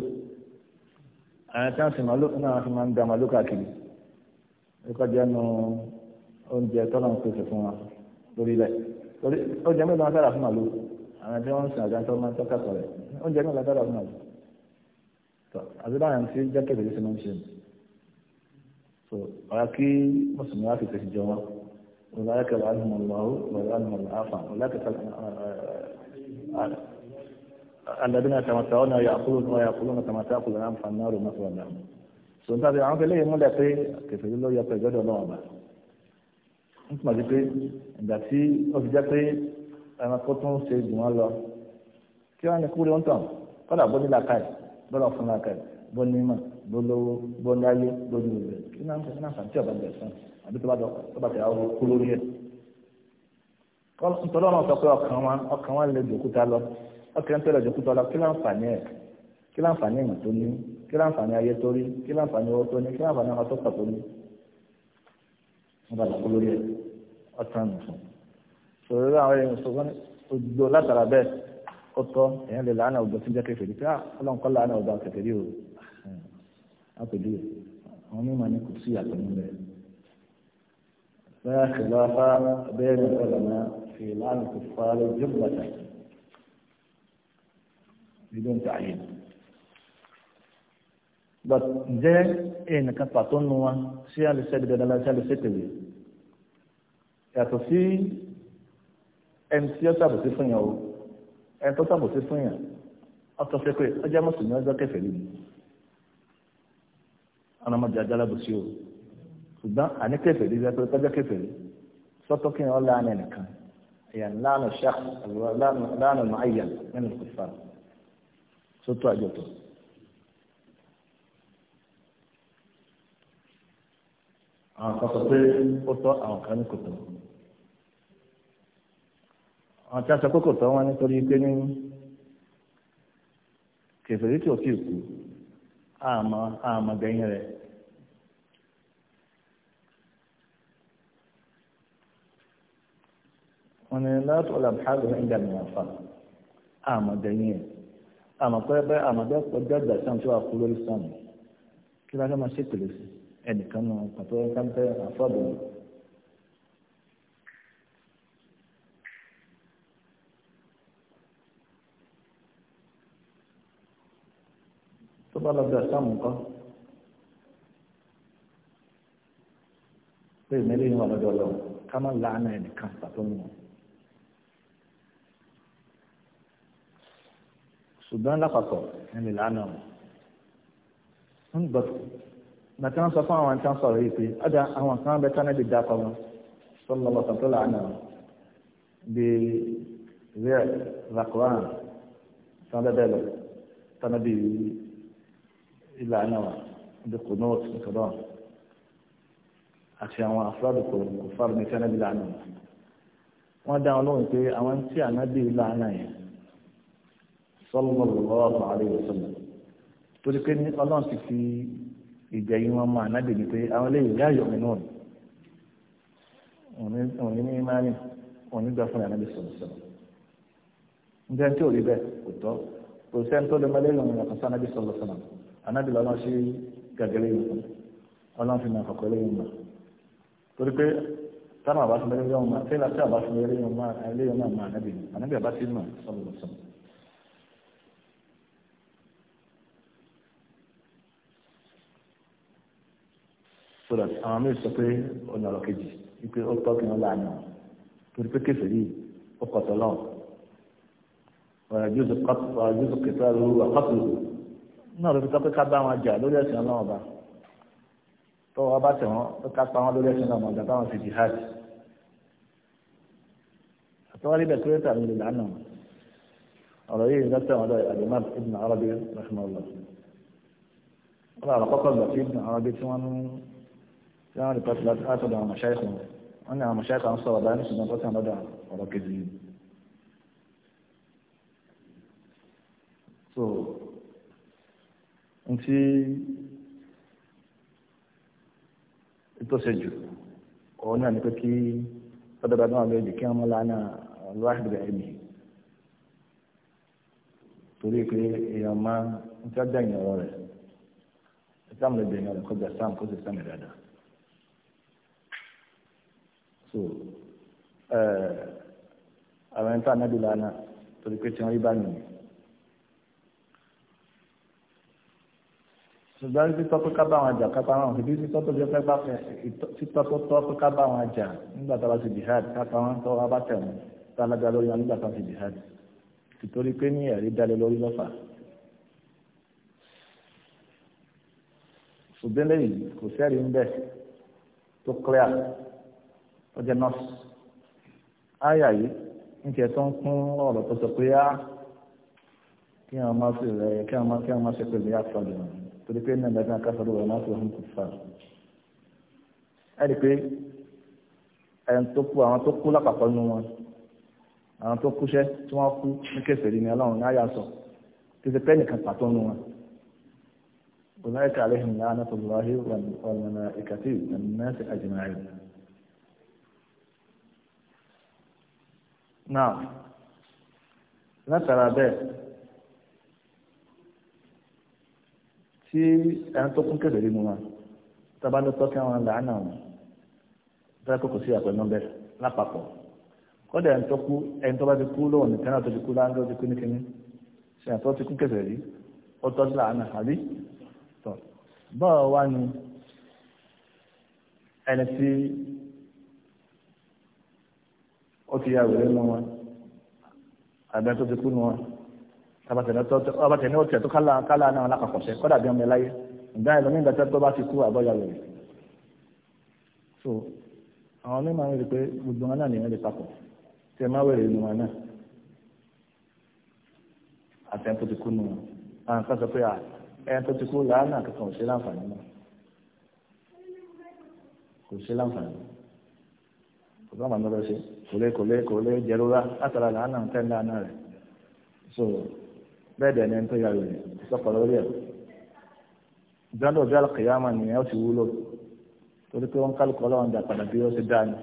àwọn tí wọ́n sì màálù náà fi máa ń da màálù káàkiri ẹ̀kọ́ jẹ́ nu oúnjẹ tọ́lá ń pèsè fún wa lórí rẹ̀ lórí oúnjẹ mélòó wọn dára fún màálù àwọn tí wọn dára tọ́ àdébáyọ̀ ti jẹ́ kébèrè sí máa ń ṣe ni so ọ̀yà kí mùsùlùmí wá fi tẹ̀sí jọ wọn ọ̀làyà kẹwàá àdùnmọ̀ lọ́wọ́ ọ̀làyà àdùnmọ̀ àfà ọ̀làyà kẹta الذين يتمتعون ويأكلون ويأكلون كما تأكل الأنعام فالنار مثوى لهم so nta bi àwọn fẹlẹ yìí múlẹ̀ pé kẹfẹlẹ ló yẹ pé ìjọdọ Ọlọ́run ọba n tún bá di pé ìgbà tí ó fi jẹ pé ẹranko tó ń ṣe bọ́lá fún wa kẹ́ẹ̀ bó ní mà bó lówó bó ní ayé bó ní ìwé kí náà ń sàn sàn tí ọba bẹ̀rẹ̀ sàn àbí tó bá dọ̀ tó bá tẹ̀yà owó kú lórí ẹ̀. nítorí wọn sọ pé ọkàn wa ọkàn wa lè jòkúta lọ ọkàn tó lè jòkúta lọ kí láǹfààní ẹ̀ kí láǹfààní ìmọ̀ tó ní kí láǹfààní ayé tó rí kí láǹfààní owó tó ní kí láǹfààní ọmọ tó pọ̀ tó ní. wọn kú lórí ẹ̀ ọ̀tàn ó tọ́ èèyàn lè làánà ọgbọ́n tí ń jẹ́ kèfèrí pé ah, ọlọ́run kọ́ làánà ọgbà kèfèrí o àpèjú e. àwọn mímọ ni kò sí àtọ̀ nílẹ̀ bẹ́ẹ̀ kìlọ́fà bẹ́ẹ̀ ni ọ̀lànà fi làánà kò fara jùmọ̀tà بدون تعيين but ǹjẹ́ èèyàn kan pàtó nu wa ṣé a lè ṣẹ́bi dandan láti ṣe a lè ṣètèwé yàtọ̀ sí ẹni tí ó fún yàn ẹni tó sàbòsí fún yàn ọtọ fẹ pé ọjà mùsùlùmí ọjọ́ kẹfẹ rí mi ọlọmọdé ajálábòsí o ṣùgbọ́n àní kẹfẹ rí rẹpẹ ọjọ́ kẹfẹ rí sọtọ kí wọn lánà ẹnìkan ẹyà lánà ṣáà lánà nù ayà nínú kùfà sọtọ àjọtọ. àwọn kan pé ó tọ́ àwọn kan ní kòtò àwọn tí a sọ pé kò tọ́ wọn nítorí pé ní kẹfẹ́rí tí ò tí ì kú àmọ́ àmọ́ gbẹ̀yìn rẹ̀. wọ́n ní látọ̀ làbáàlù ń dà mí àfà àmọ́ gbẹ̀yìn rẹ̀ àmọ́ pẹ́ẹ́pẹ́ àmọ́ bẹ́ẹ̀ pọ̀ dẹ́gbà sàn tí wàá kú lórí sàn kí lásán máa ṣètìlẹ́sì ẹnìkan náà pàtó ẹ̀ka ń bẹ́ẹ̀ àfọ́bọ̀ọ́. bá lọ bí ọ̀sán nǹkan pé ìmẹ́lẹ́ yìí wà lọ́dọ̀ ọlọ́run ká má láàánú ẹnìkan pàtó mú un. ṣùgbọ́n lápapọ̀ ẹni láàánú ń gbọ́ nàtí wọ́n sọ fún àwọn tí wọ́n sọ̀rọ̀ yìí pé ọ̀dà àwọn kan bẹ tán níbi dákọ̀ wọn sọ́nà lọ́sàn tó láàánú bíi rẹ̀ lakoran tán bẹ́ẹ̀ bẹ́ẹ̀ lọ tán níbi ìlànà ìdíkùn náà ti kọ̀dọ̀ àti àwọn afúrádùkọ̀ fáwọn ní kánábì lánàá wọ́n dá wọn lóhùn pé àwọn tí ànábì lánàá yẹn sallallahu alaihi wasallam torí pé ní ọlọ́run ti fi ìjà yìí wọn mọ ànábì ni pé àwọn eléyìí láàyò mi náà òní ní imáni òní gbà fún ànábì sọ̀rọ̀ sọ̀rọ̀ njẹ́ tí ò rí bẹ́ẹ̀ kò tọ́ kò sẹ́ni tó lè mọ lẹ́yìn anábì lọ́nà sí gàgẹ́rẹ́ yìí ọlọ́run fi máa kọ̀kọ́ lẹ́yìn mọ́ torí pé táwọn àbá fún ẹlẹ́yìn ọmọ àti ẹlẹ́yìn àbá fún ẹlẹ́yìn ọmọ ẹlẹ́yìn ọmọ anábì anábì àbá sí mọ̀ sọ́mọ̀sọ́m. sọ́dọ̀ àwọn míì sọ pé ọ̀nà ọ̀rọ̀ kejì wípé ó tọ́ kí wọ́n láàánú torí pé kéfì yìí ó kọ̀tọ̀ lọ́wọ́ ọ̀rọ̀ jùzù kẹta lóru àkọ́tù lóru náà ló fi sọ pé ká bá wọn jà lórí ẹ̀sìn ọlọ́wọ́n bá tọ́wọ́ bá tẹ̀ wọ́n pé ká pa wọn lórí ẹ̀sìn ọlọ́wọ́n bá táwọn fi jihad àtọ́wọ́ rí bẹ̀tẹ́rẹ́ tà ní ìlànà ọ̀rọ̀ yìí nígbà tẹ̀wọ́n lọ àdìmọ́ ibn arabi rahimahullah wọ́n bá àkọ́kọ́ gbà sí ibn arabi tí wọ́n ń rí pàtó látọ̀dọ̀ àwọn mọ̀ṣáìkù wọn ni àwọn mọ̀ṣáìkù àwọn sọ̀rọ̀ báyìí ní ṣùgbọ́n ntí ìtọ́sẹ̀jù ọ̀hún náà ní pé kí ọ̀dọ́gba náà ana kí wọ́n lánà lọ́wọ́ torí pé èèyàn máa ń tí wọ́n dá ìyàn ọ̀rọ̀ sam ìsáàmù lè kọjá kó sì so àwọn ẹni tá a nábì tori torí pé tí bá nìyẹn. ṣùgbọ́n títọ́ tó ká bá wọn jà kápá wọn ìdí títọ́ tó jẹ́ pẹ́pá títọ́ tó tọ́ tó ká bá wọn jà nígbà tó bá ti jihad kápá wọn tó wá bá tẹ̀wọ̀n tó alága lórí wọn nígbà tó ti jihad tìtorí pé ní ẹ̀rí dalẹ̀ lórí lọ́fà. ṣùgbọ́n lẹ́yìn kò sẹ́rí ń bẹ̀ tó clear tó jẹ́ nọ́ọ̀sì. àyà yìí ń tiẹ̀ tó ń kún ọ̀rọ̀ tó sọ pé á kí àwọn máa ṣe pẹ̀lú àtọ́jú wọn torí pé náà lẹ́gbẹ́ akásọ̀rò wọn láti ọ̀hún kò fà. ẹ rí i pé ẹni tó kú àwọn tó kú lápapọ̀ nínú wọn àwọn tó kúṣẹ́ tí wọ́n kú ní kẹsìrì ni ọlọ́run ní àyà sọ kí ṣe pé nìkan pàtó nínú wọn. أولئك عليهم لعنة الله والملائكة والناس أجمعين نعم نترى ذلك tí ẹni tó kún kẹsẹ̀ nínú wọn tábà ló tọ́ kí wọn là á nà wọn tábà kókò sí àpẹ nọ́mbẹ lápapọ̀ kọ́dà ẹni tó kú ẹni tó bá ti kú lóhùn nìkan náà tó ti kú láńdọ́ ti kú ní kínní ṣe àtọ́ ti kún kẹsẹ̀ rí ó tọ́ sí làánà àbí tọ́ bọ́ọ̀ wá ni ẹni tí ó ti yà wẹ̀rẹ̀ nù wọn àbẹ́ tó ti kú nù wọn abatẹni ọtẹ tó kálá kálá náà lápapọ̀ṣẹ́ kọ́dà bí ọmọ ẹláyé ìgbà ẹ̀ lómi ìgbàtẹ́ tó bá ti kú àbọ̀yà rẹ̀ so àwọn mímọ rẹ̀ pé gbogbo wọn náà nìyẹn lè papọ̀ tí ẹ má wẹ̀rẹ̀ ìlú wọn náà àtẹn tó ti kú nù wọn àwọn kan sọ pé ẹ tó ti kú làánà kankan ò ṣe láǹfààní náà kò ṣe láǹfààní kò bá màmá lọ ṣe kò lè kò lè kò lè jẹrora látara làánà tẹ́ ńlá náà so bẹ́ẹ̀ dẹ̀ ni ẹni tó yà rẹ̀ sọ̀kọ̀ lórí ẹ̀ gbádùn ọjọ́ àlùkìyàmà nìyẹn ó sì wúlò torí pé wọ́n kálukọ́ lọ́wọ́n dà padà bí ó ṣe dá ni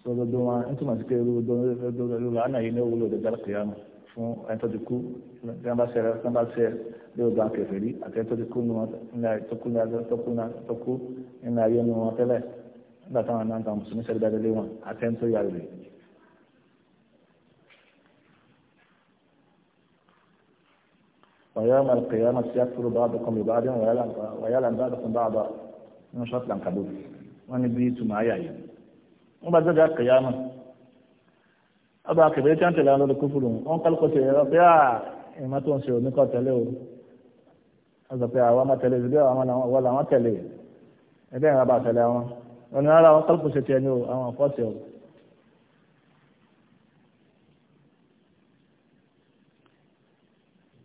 sọ gbogbo wọn ń túmọ̀ sí pé irú àná yìí ni ó wúlò ọjọ́ àlùkìyàmà fún ẹni tó ti kú tí wọ́n bá ṣe rẹ̀ tí wọ́n bá ṣe bí ó gba kẹfẹ́ rí àti ẹni tó ti kú nínú ayé nínú wọn tẹ́lẹ̀ nígbà táwọn náà ń ta mùsùlùmí sẹ́dí dáadé lé wọn àti ẹni tó yà rẹ̀ ويوم القيامة يكفر بعضكم ببعض ويلعن بعضكم بعضا من شرط العنكبوت wọ́n ní bí ìtumọ̀ ayé àyè wọ́n bá dọ́jà kẹyàmù ọba akẹ̀bẹ̀rẹ̀ tí wọ́n tẹ̀lé àwọn olùkú fúru wọn kálukọ̀ tẹ̀ ẹ̀rọ pé à ìmọ̀ tó ń ṣe omi kọ́ tẹ̀lé o wọ́n sọ pé àwọn ọmọ tẹ̀lé ìdílé àwọn wọ́n làwọn tẹ̀lé ẹgbẹ́ ìrìn àbá tẹ̀lé wọn wọn ni wọn kálukọ̀ ṣe tiẹ̀ ní o àwọn ọ̀fọ́ tẹ̀ o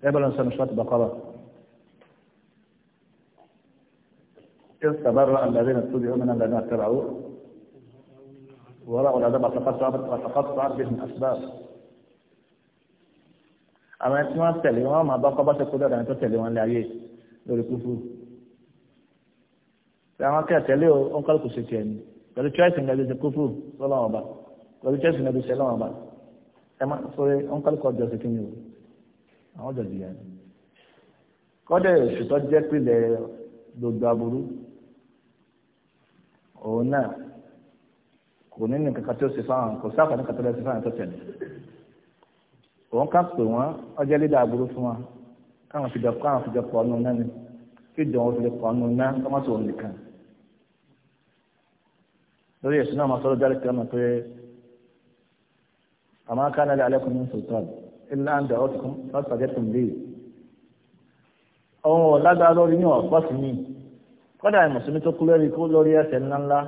يبقى الإنسان مش بقرة إذ تبرأ الذين اتبعوا من الذين اتبعوا ورأوا العذاب وتقطعت بهم الأسباب àwọn ẹtí wọn tẹ̀lé wọn máa bá kọ́bá ṣe kó dọ̀dọ̀ ẹni tó tẹ̀lé wọn lé ayé lórí kúfú àwọn kẹ́ tẹ̀lé o ó ń kálukú ṣe tiẹ̀ ni pẹ̀lú choice ní ẹbí ṣe kúfú lọ́lọ́wọ́n ọba pẹ̀lú choice ní ẹbí ṣe lọ́wọ́n ọba ẹ má sọ pé ó ń kálukú ọjọ́ ṣe kí ni o àwọn jọ̀jì yẹn kọ́dẹ̀ ṣùtọ́ jẹ́ pílẹ̀ gbogbo aburú òun náà kò ní nǹkan kan tó ṣe fáwọn kò sáfà nǹkan tó lọ sí fáwọn tó tẹ̀lé òun ká pè wọ́n ọjọ́ lídà aburú fún wa káwọn fi jọ káwọn fi jọ pọ̀ ọ́nù náà ni kí ìjọba fi lè pọ̀ ọ́nù náà kọ́mọ́tò òun nìkan lórí ẹ̀sùn náà máa sọ̀rọ̀ jáde kí wọ́n máa pé àmọ́ ká náà lé alẹ́ sọ̀tọ́ọ̀lù ilá ń dà ọ́tún lọ́sàgẹ́tùn lè ọ̀hún ọ̀lágbá lórí ní ọ̀pọ̀sí mi kọ́dà mùsùlùmí tó kú lórí kú lórí ẹ̀ṣẹ̀ ńláńlá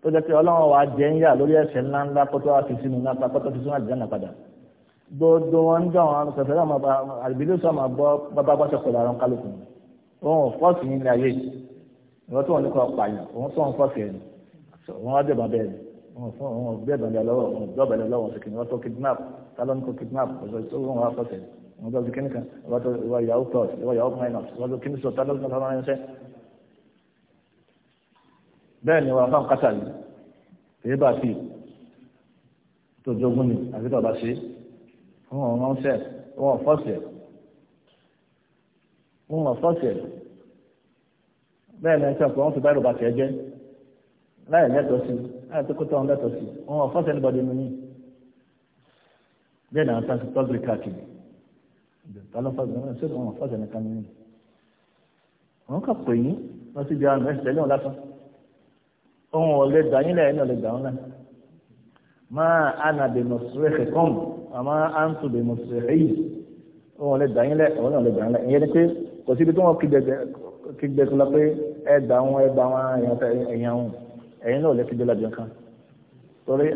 tó jẹ́ pé ọlọ́run wa jẹ́ ń yà lórí ẹ̀ṣẹ̀ ńláńlá kó tó wá fi sínú náà kó tó fi sínú àdìjánà padà gbogbo wọn ń dán àwọn sọfẹ́ náà àbílẹ̀ sọ máa gbọ́ bábá bọ́ sọ̀kọ̀ làrán kálukú òun ọ̀pọ̀sí ní ilé ayé ìwọ́n tó wọn ní wọn fún wọn gbé ẹ̀bẹ̀lẹ̀ lọ́wọ́ wọn gbọ́bẹ̀lẹ̀ lọ́wọ́ sí kìnnìkan tó kidnap talon kó kidnap ọ̀sọ̀ tó wọn wá fọ́sẹ̀ wọn gbọ́ sí kìnnìkan ìwà tó ìwà yahoo plus ìwà yahoo minus ìwà tó kìnnìkan tó talon kó talon ẹ̀ṣẹ́. bẹ́ẹ̀ ni wọn fáwọn kátà yìí èyí bá fi tó jogún ni àti bàbá ṣe wọn wọn ṣẹ wọn fọ́sẹ̀ wọn fọ́sẹ̀ bẹ́ẹ̀ ni láti tó kótó àwọn lẹ́tọ̀ sí wọn ò fọ́sẹ̀ nígbàdí inú yín bẹ́ẹ̀ ni àwọn táǹtì tọ́jú káàkiri tọ́lọ́fọ́sẹ̀ náà ṣé wọn ò fọ́sẹ̀ nìkan nínú wọn kà pè yín lọ síbi àwọn ẹ̀sìn tẹ́lẹ̀ wọn lásán ohun ọ̀lẹ́ dà yín lẹ́yìn ọ̀lẹ́ dà wọn náà máa ànà bẹ̀mọ̀ sùrẹ́kẹ̀ kọ́m àmọ́ àǹtù bẹ̀mọ̀ sùrẹ́kẹ̀ yìí ohun ọ̀lẹ́ dà yín lẹ́ ọ̀lẹ́ ọ̀lẹ́ dà yín lẹ́ ìyẹn ni pé kò síbi ẹ̀yin náà lẹ́sí dọ́là jẹ kan torí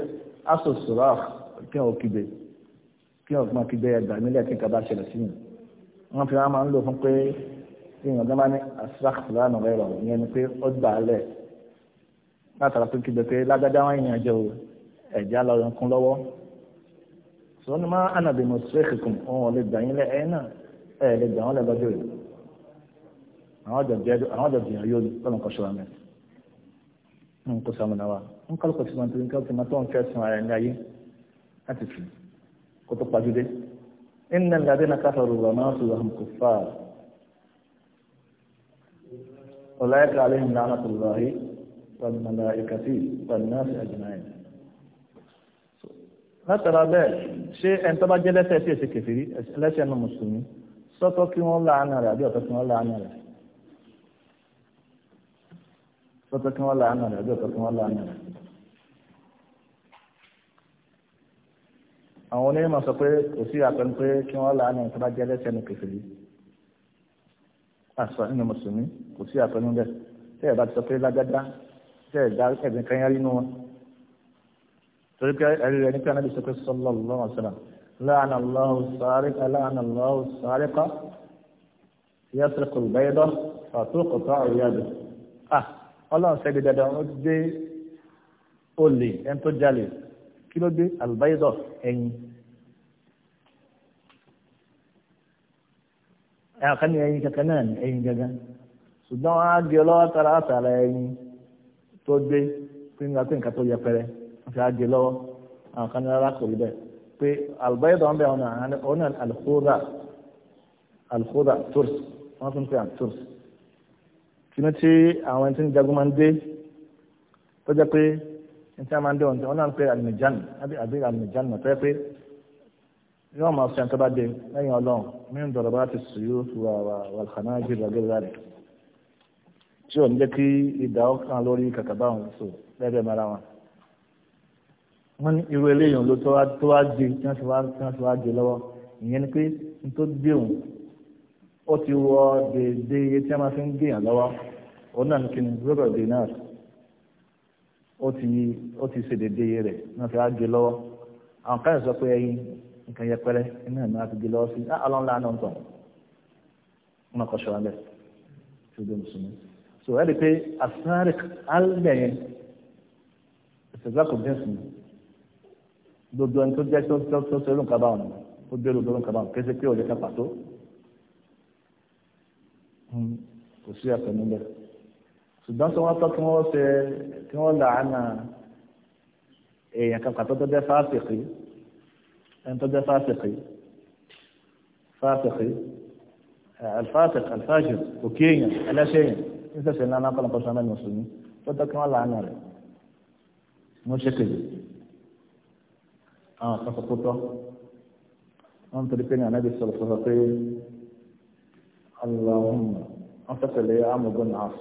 asòsòrò kí wọn kígbe kí wọn máa kígbe ẹgbà nílẹ̀ kí nǹkan bá ṣẹlẹ̀ sí yìí wọn fi máa ń lò fún pé kí èèyàn dáná ní asrak fúlànà rẹ rọ ni pé ó gbà á lẹ̀ látara pé kígbe pé lágbádá wọn èèyàn jẹ o ẹ̀já lọ rẹ̀ ń kún lọ́wọ́ sọ́n ni máa ànàbì mọ̀síkìkùn òun ò lè gbà yín lẹ̀ ẹ̀yin náà ẹ̀ lè gbà wọn lẹ̀ lọ́jọ́ yìí àwọn ọ̀dọ̀ jẹ́ àwọn ọ̀dọ̀ jẹ́ yóò lọ́nà kọ́ṣọ́ àmì ń kó sàmùnà wa ń kálukọ̀ sí máa ń torí kálukọ̀ sí máa tó ń fẹ́ sun ara ẹni ayé láti fi kó tó pajú dé innal ladina kafaru wa matu wa hum kuffar ulaika alaihim la'natullahi wal malaikati wan nas ajma'in látara bẹ́ẹ̀ ṣé ẹni tó bá jẹ́ lẹ́sẹ̀ sí èsì kẹfìrí ẹlẹ́sẹ̀ ẹnu mùsùlùmí sọ́tọ́ kí wọ́n láàánú rẹ̀ àbí ọ̀tọ̀ kí tọ́tọ́ kí wọ́n làánà rẹ̀ ọjọ́ tọ́ kí wọ́n làánà rẹ̀. àwọn onímọ̀ sọ pé kò sí àpẹẹrẹ pé kí wọ́n làánà rẹ̀ tó bá jẹ́ lẹ́sẹ̀ ní kẹfìlì àṣà nínú mùsùlùmí kò sí àpẹẹrẹ bẹ́ẹ̀ tẹ́ ẹ̀ bá ti sọ pé lágbádá tẹ́ ẹ̀ dá ẹ̀bìn kan yára inú wọn. torí pé ẹ̀rí rẹ̀ ní pé anábì sọ pé sallallahu alaihi wasallam la'ana Allahu sariqa ọlọ́run ṣẹ́gi dandan ó gbé olè ẹni tó jalè kí ló gbé àlùbáyédọ̀ ẹ̀yìn. ẹ̀yìn kan ní ẹ̀yìn kankan náà ní ẹ̀yìn gangan ṣùgbọ́n wọn á gé lọ́wọ́ tara àtàrà ẹ̀yìn tó gbé pé nǹkan pé nǹkan tó yẹpẹrẹ wọn fi á gé lọ́wọ́ àwọn kan ní rárá kò rí bẹ́ẹ̀ pé àlùbáyédọ̀ ń bẹ̀ wọn náà ọ̀nà àlùkódà àlùkódà tòrs wọ́n tún pè àtòrs tinú tí àwọn tí ń jagun máa ń dé tó jẹ́ pé ní tí a máa ń dé wọn tí wọ́n náà ń pè àlùmíjánì àbí àlùmíjánì náà tó jẹ́ pé yóò máa sọ ẹ̀ńtọ́ bá dé lẹ́yìn ọlọ́run mímu dọ̀rọ̀ bá ti sùn yóò fi wà wà kàná jù lọ́gẹ́rẹ́ rárẹ̀ tí ò ní jẹ́ kí ìdá ọkàn lórí kàkà báwọn sọ lẹ́bẹ̀ẹ́ mara wọn. wọ́n ní irú eléyìí ló tó wá di tí wọ́n ti wá di lọ́wọ́ ìyẹn ni pé n tó dé òun ó ti wọ déédéé iye tí a máa fi ń gbìyàn lọ́wọ́ òun náà ní kí ni rọ́bà dinar ó ti ó ti ṣe déédéé iye rẹ̀ náà fi á gé lọ́wọ́ àwọn kan sọ pé ẹyin nǹkan yẹpẹrẹ iná ìná àti gé lọ́wọ́ sí i ah, ọlọ́run lánàá ń tàn wọn kọ́ ṣọ́ra bẹ́ẹ̀ tí ó dé mùsùlùmí so ẹ rí i pé asarik alẹ́yìn ìṣèjákòó bẹ́ẹ̀ sùn gbogbo ẹni tó jẹ́ tó tó tó ṣerú nǹkan báwọn ó dérò lórúkọ báwọn kí ẹ ṣe pé òye kan pàtó kò sí àtọ̀ níbẹ̀ ṣùgbọ́n tí wọ́n tọ́ kí wọ́n ṣe kí wọ́n là á na èèyàn kankan tó tó jẹ́ fásìkì ẹni tó jẹ́ fásìkì fásìkì alfásìkì alfájìr òkè èèyàn ẹlẹ́ṣẹ̀ èèyàn ní sẹ̀sẹ̀ ńlá náà kọ́nà kọ́sọ́ náà mùsùlùmí tó tọ́ kí wọ́n là á na rẹ̀ mo ṣe kejì àwọn kan sọ pé tọ́ pé ní ànábì sọ̀rọ̀ sọ̀rọ̀ pé اللهم أنفت لي عمرو بن عاص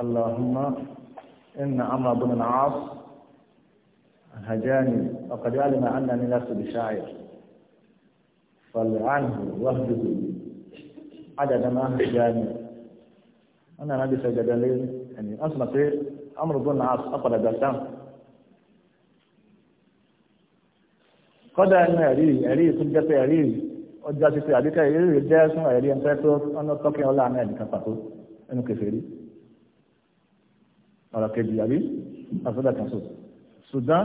اللهم إن عمرو بن العاص هجاني وقد علم أنني لست بشاعر فلعنه واهجده عدد ما هجاني أنا نبي سجد لي يعني أصلا في عمرو بن العاص أقل بسام kọ́dà inú ẹ̀rí ẹ̀rí tó jẹ́ pé ẹ̀rí ọjà ti pé àbíkẹ́ ẹ̀rí rẹ̀ jẹ́ sún ẹ̀rí ẹni pẹ́ tó ọ̀nà tọ́kẹ́ ọlá àmì ẹ̀dìkan pàtó ẹnu kẹfẹ́ rí ọ̀rọ̀ kejì àbí àfẹ́dà kan so ṣùgbọ́n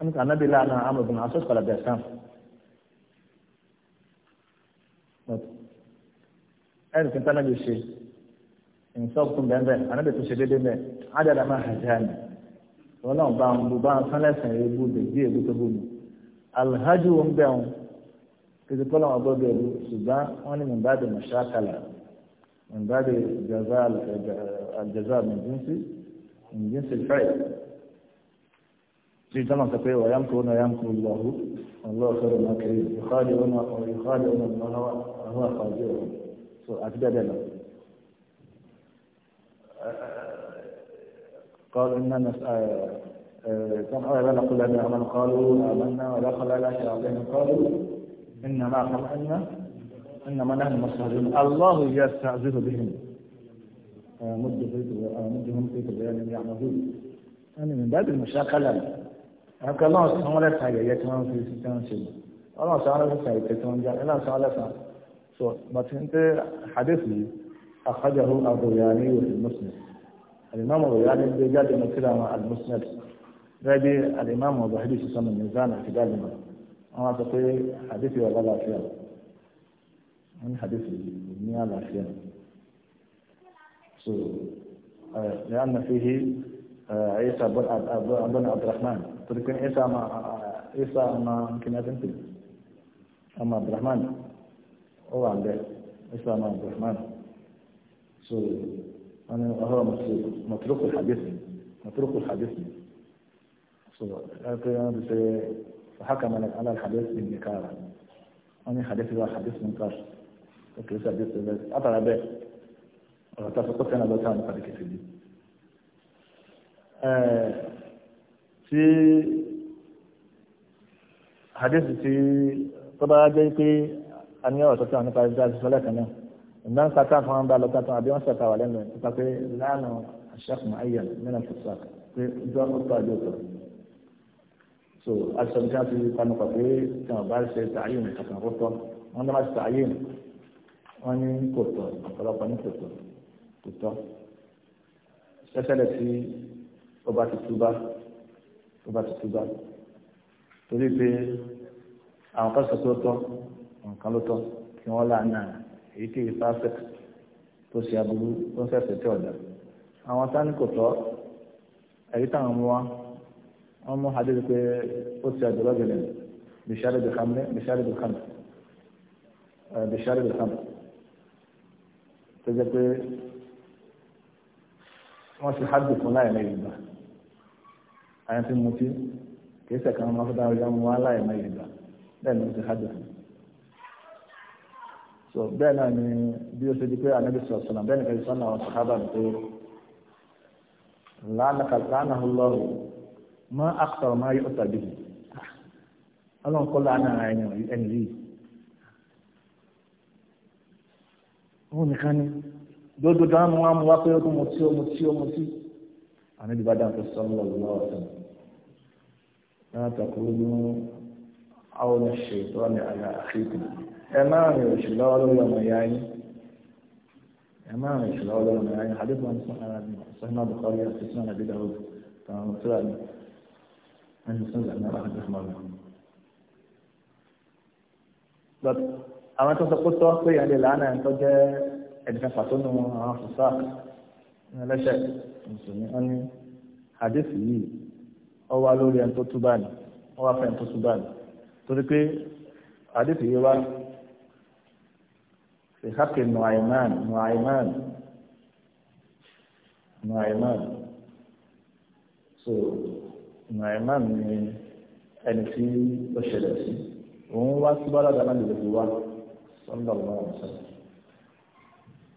ẹni kan anábì lánà amògùn aṣọ ìkọlà bẹ̀ sàn ẹni kí n tánà lè ṣe ìṣọ́ọ̀bù tún bẹ́ẹ̀ bẹ́ẹ̀ anábì tó ṣe déédéé bẹ́ẹ̀ á dáadáa máa hàjá ni wọn náà bá ń bu bá ń sánlẹ̀sìn ewu lè bí ewu tó bù mí alhaji wọn bẹ wọn kìtì kọlọ wọn bọ bẹẹ lu ṣùgbọ́n wọn ni mìíràn bàdé mọṣákàlà mìíràn bàdé jaza aljaza eh, mìjínsì mìjínsì fẹẹ tí ìjọba sọ pé wàá yàmkó náà yàmkó lọhù ọlọ́ọ̀ sọ̀rọ̀ náà kiri ìkọ́lẹ̀ ọ̀nà ìkọ́lẹ̀ ọ̀nà ọ̀hún àkọ́jú ọ̀hún so àti bẹ́ẹ̀ bẹ́ẹ̀ lọ. قالوا eh, إننا eh, سمعوا لنا كل من قالوا آمنا ودخل على شياطين قالوا إنما خلقنا إنما نحن مستهزئون الله يستعزز بهم آه، مد آه، مدهم في طغيان يعني يعمهون يعني من باب المشاكلة آه، أنك الله سبحانه ولا سعي يتمام في ستان سنة الله سبحانه ولا سعي يتمام جاء الله سبحانه ولا سعي سو ما تنت لي أخذه أبو ياني في المسند الإمام أبو ياني بجد مكرم المسند gẹ́gẹ́ alimami ọba hadith sọnù mizan àti dalima wọn wá sọ pé hadith yóò lọ àlàáfíà wọn ní hadith yìí ní àlàáfíà so pe hadith yoo lo alaafia won ni hadith ni alaafia so لان فيه عيسى بن عبد الرحمن تركن عيسى ما عيسى ما يمكن أن تنتهي أما عبد الرحمن هو عنده عيسى ما عبد الرحمن so أنا هو متروك الحديث متروك الحديث so ẹgbẹ́ wọn ti ṣe hakama ala hadith bin nikara wọn ní hadith uh, wa uh, hadith munkar ó kìí ṣe hadith bẹ́ẹ̀ látara bẹ́ẹ̀ ọ̀rọ̀ tá a sọ pé sẹ́nà lọ́tà nípa ti kẹsì bí. tí hadith ti tó bá jẹ́ pé a ní ọ̀rọ̀ tó tẹ̀wọ̀n nípa ìdá ìṣẹ́lẹ̀ kan náà ìgbà ń sàkà fún wọn bá lọ́tà tó àbí wọ́n sàkà wà lẹ́nu ẹ̀ nípa pé lánàá aṣáfùmọ̀ ayé mẹ́rin tó sàkà pé ojú ọ̀pọ̀ àjọ sọ̀rọ̀ so aṣọ nígbà tí kanu pàpé tí wọn bá ṣe tààyè nìkan kan kó tọ wọn lọ bá ṣe tààyè wọn ní kò tọ ọ̀pọ̀lọpọ̀ ní kò tọ kò tọ sẹsẹlẹ tí ọba ti túbá ọba ti túbá torí pé àwọn kan sọ pé ó tọ nǹkan ló tọ kí wọn lànà èyíkéyìí perfect tó ṣe aburú tó ń ṣẹ̀ṣẹ̀ tí ọ̀dà àwọn sáà ní kò tọ èyí táwọn mú wa wọ́n mú hadith pé ó ti àjọ lọ́gẹ̀lẹ̀ bishari bilhamri bishari bilhamri bishari bilhamri tó jẹ́ pé wọ́n ti hadith fún láì lẹ́yìn ìgbà àyàn tí mo ti kìí sẹ̀ka wọn fún dáhùn yẹn wọn láì lẹ́yìn ìgbà bẹ́ẹ̀ ni wọ́n ti hadith fún so bẹ́ẹ̀ náà ni bí ó ṣe di pé anabi sọ̀rọ̀ sọ̀nà bẹ́ẹ̀ ni kẹ́sì sọ̀nà àwọn sàhábà ní pé lánàá lánàá lọ́rùn ma àkàtà ma yọ ọ̀tà bìbì ọlọ́run kọ́ lánàá ara ẹni ẹni yìí òun nìkan ni dodo dáhùn wọn mú wá pé ó tún mo tí ó mo tí ó mo tí àná ìdìbò dáhùn tó sọ ọ́ lọ́wọ́ ọ̀sán náà tàkùrú ní àwọn ṣètò ní àlà àfíìkù ẹ máa rìn òṣùlọ́ lórí ọmọ ìyá yín ẹ máa rìn òṣùlọ́ lórí ọmọ ìyá yín àdébùn ẹni sọ̀rọ̀ ní ọ̀rọ̀ àti ìmọ̀lẹ̀. but àwọn tó sọ pé tọ́ pé ìyá lè lánàá tó jẹ́ ẹ̀dínkan pàtó nù àwọn fòfà ẹlẹ́ṣẹ̀ mùsùlùmí wọn ní hadith yìí ó wá lórí ẹni tó túbà ní ó wá fẹ́ ẹni tó túbà في حق نعيمان نعيمان نعيمان so nàìmán ni ẹni tí ó ṣẹlẹ̀ sí òun wá sí bọ́lọ́dà náà lè fi wá sọ́ńdọ̀ lọ́wọ́ ọ̀sẹ̀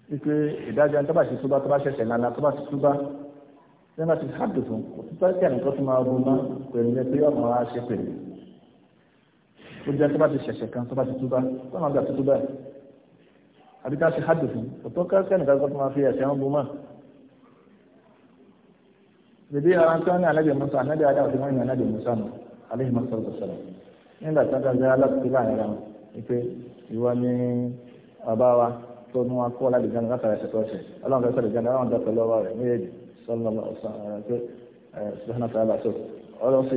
wípé ìdájọ́ ẹni tó bá ti túbá tó bá ṣẹ̀ṣẹ̀ nana tó bá ti túbá tí wọ́n ti hàdù fún kò túbá kí ànìkọ́ tó máa ro mọ́ pẹ̀lú ẹni pé ọmọ wa ṣe pẹ̀lú ó jẹ́ tó bá ti ṣẹ̀ṣẹ̀ kan tó bá ti túbá tó máa gbà tó túbá àbí ká ṣe hàdù fún kò tó kí ànìkọ́ tó máa fi ẹ̀ṣẹ̀ wọn bo mọ́ bèbí ara tó ní anábì musa anábì ada òdi wọn ní anábì musa nù alayhi musa ọsọ sọ̀rọ̀ nígbà tí wọn gbàgbé aláàbùkú láàrin ra wọn wípé ìwọ ní bàbá wa tó mú wa kó aládìjọ náà látara ẹsẹ tó ṣe Ọlọ́run fẹsẹ lẹjọ náà Ọlọ́run dọkọ lọ́wọ́ rẹ méjèèjì sọlọ ọsàn ẹ sọfúnà sàlá tó Ọlọ́run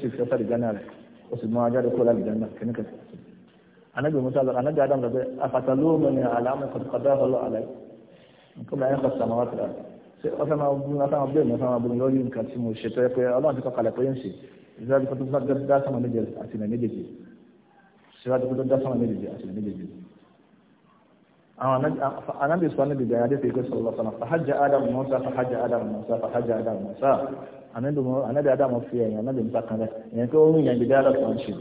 sì fẹsẹ lẹjọ náà rẹ ó sì mú ajáde kó aládìjọ náà kìnnìkan anabi musa lọ anabi adam lọ bẹ afatalóhùn ní alámọ kọdọkọdọ ọlọ alẹ nkọmọ ayé kọ sàmọwá ọ̀sán máa bú ọ̀sán máa bẹ̀rẹ̀ ọ̀sán máa bú lórí nǹkan tí mo ṣe tọ́ pé ọlọ́run ti kọ́kàlẹ̀ pé ń ṣe ìṣíwájú kó tó dá sánmà méje àti ilẹ̀ méjèèjì ìṣíwájú kó tó dá sánmà méjèèjì àti ilẹ̀ méjèèjì. àwọn anábì sọ níbi ìgbà adé fèkè sọ̀rọ̀ lọ́sàn án fàhájà ádámù mọ́sá fàhájà ádámù mọ́sá fàhájà ádámù mọ́sá anábì ádámù fi ẹ̀yìn anábì nípa kan rẹ̀ ìyẹn tó ń yàn gbèdé aláṣọ à ń ṣe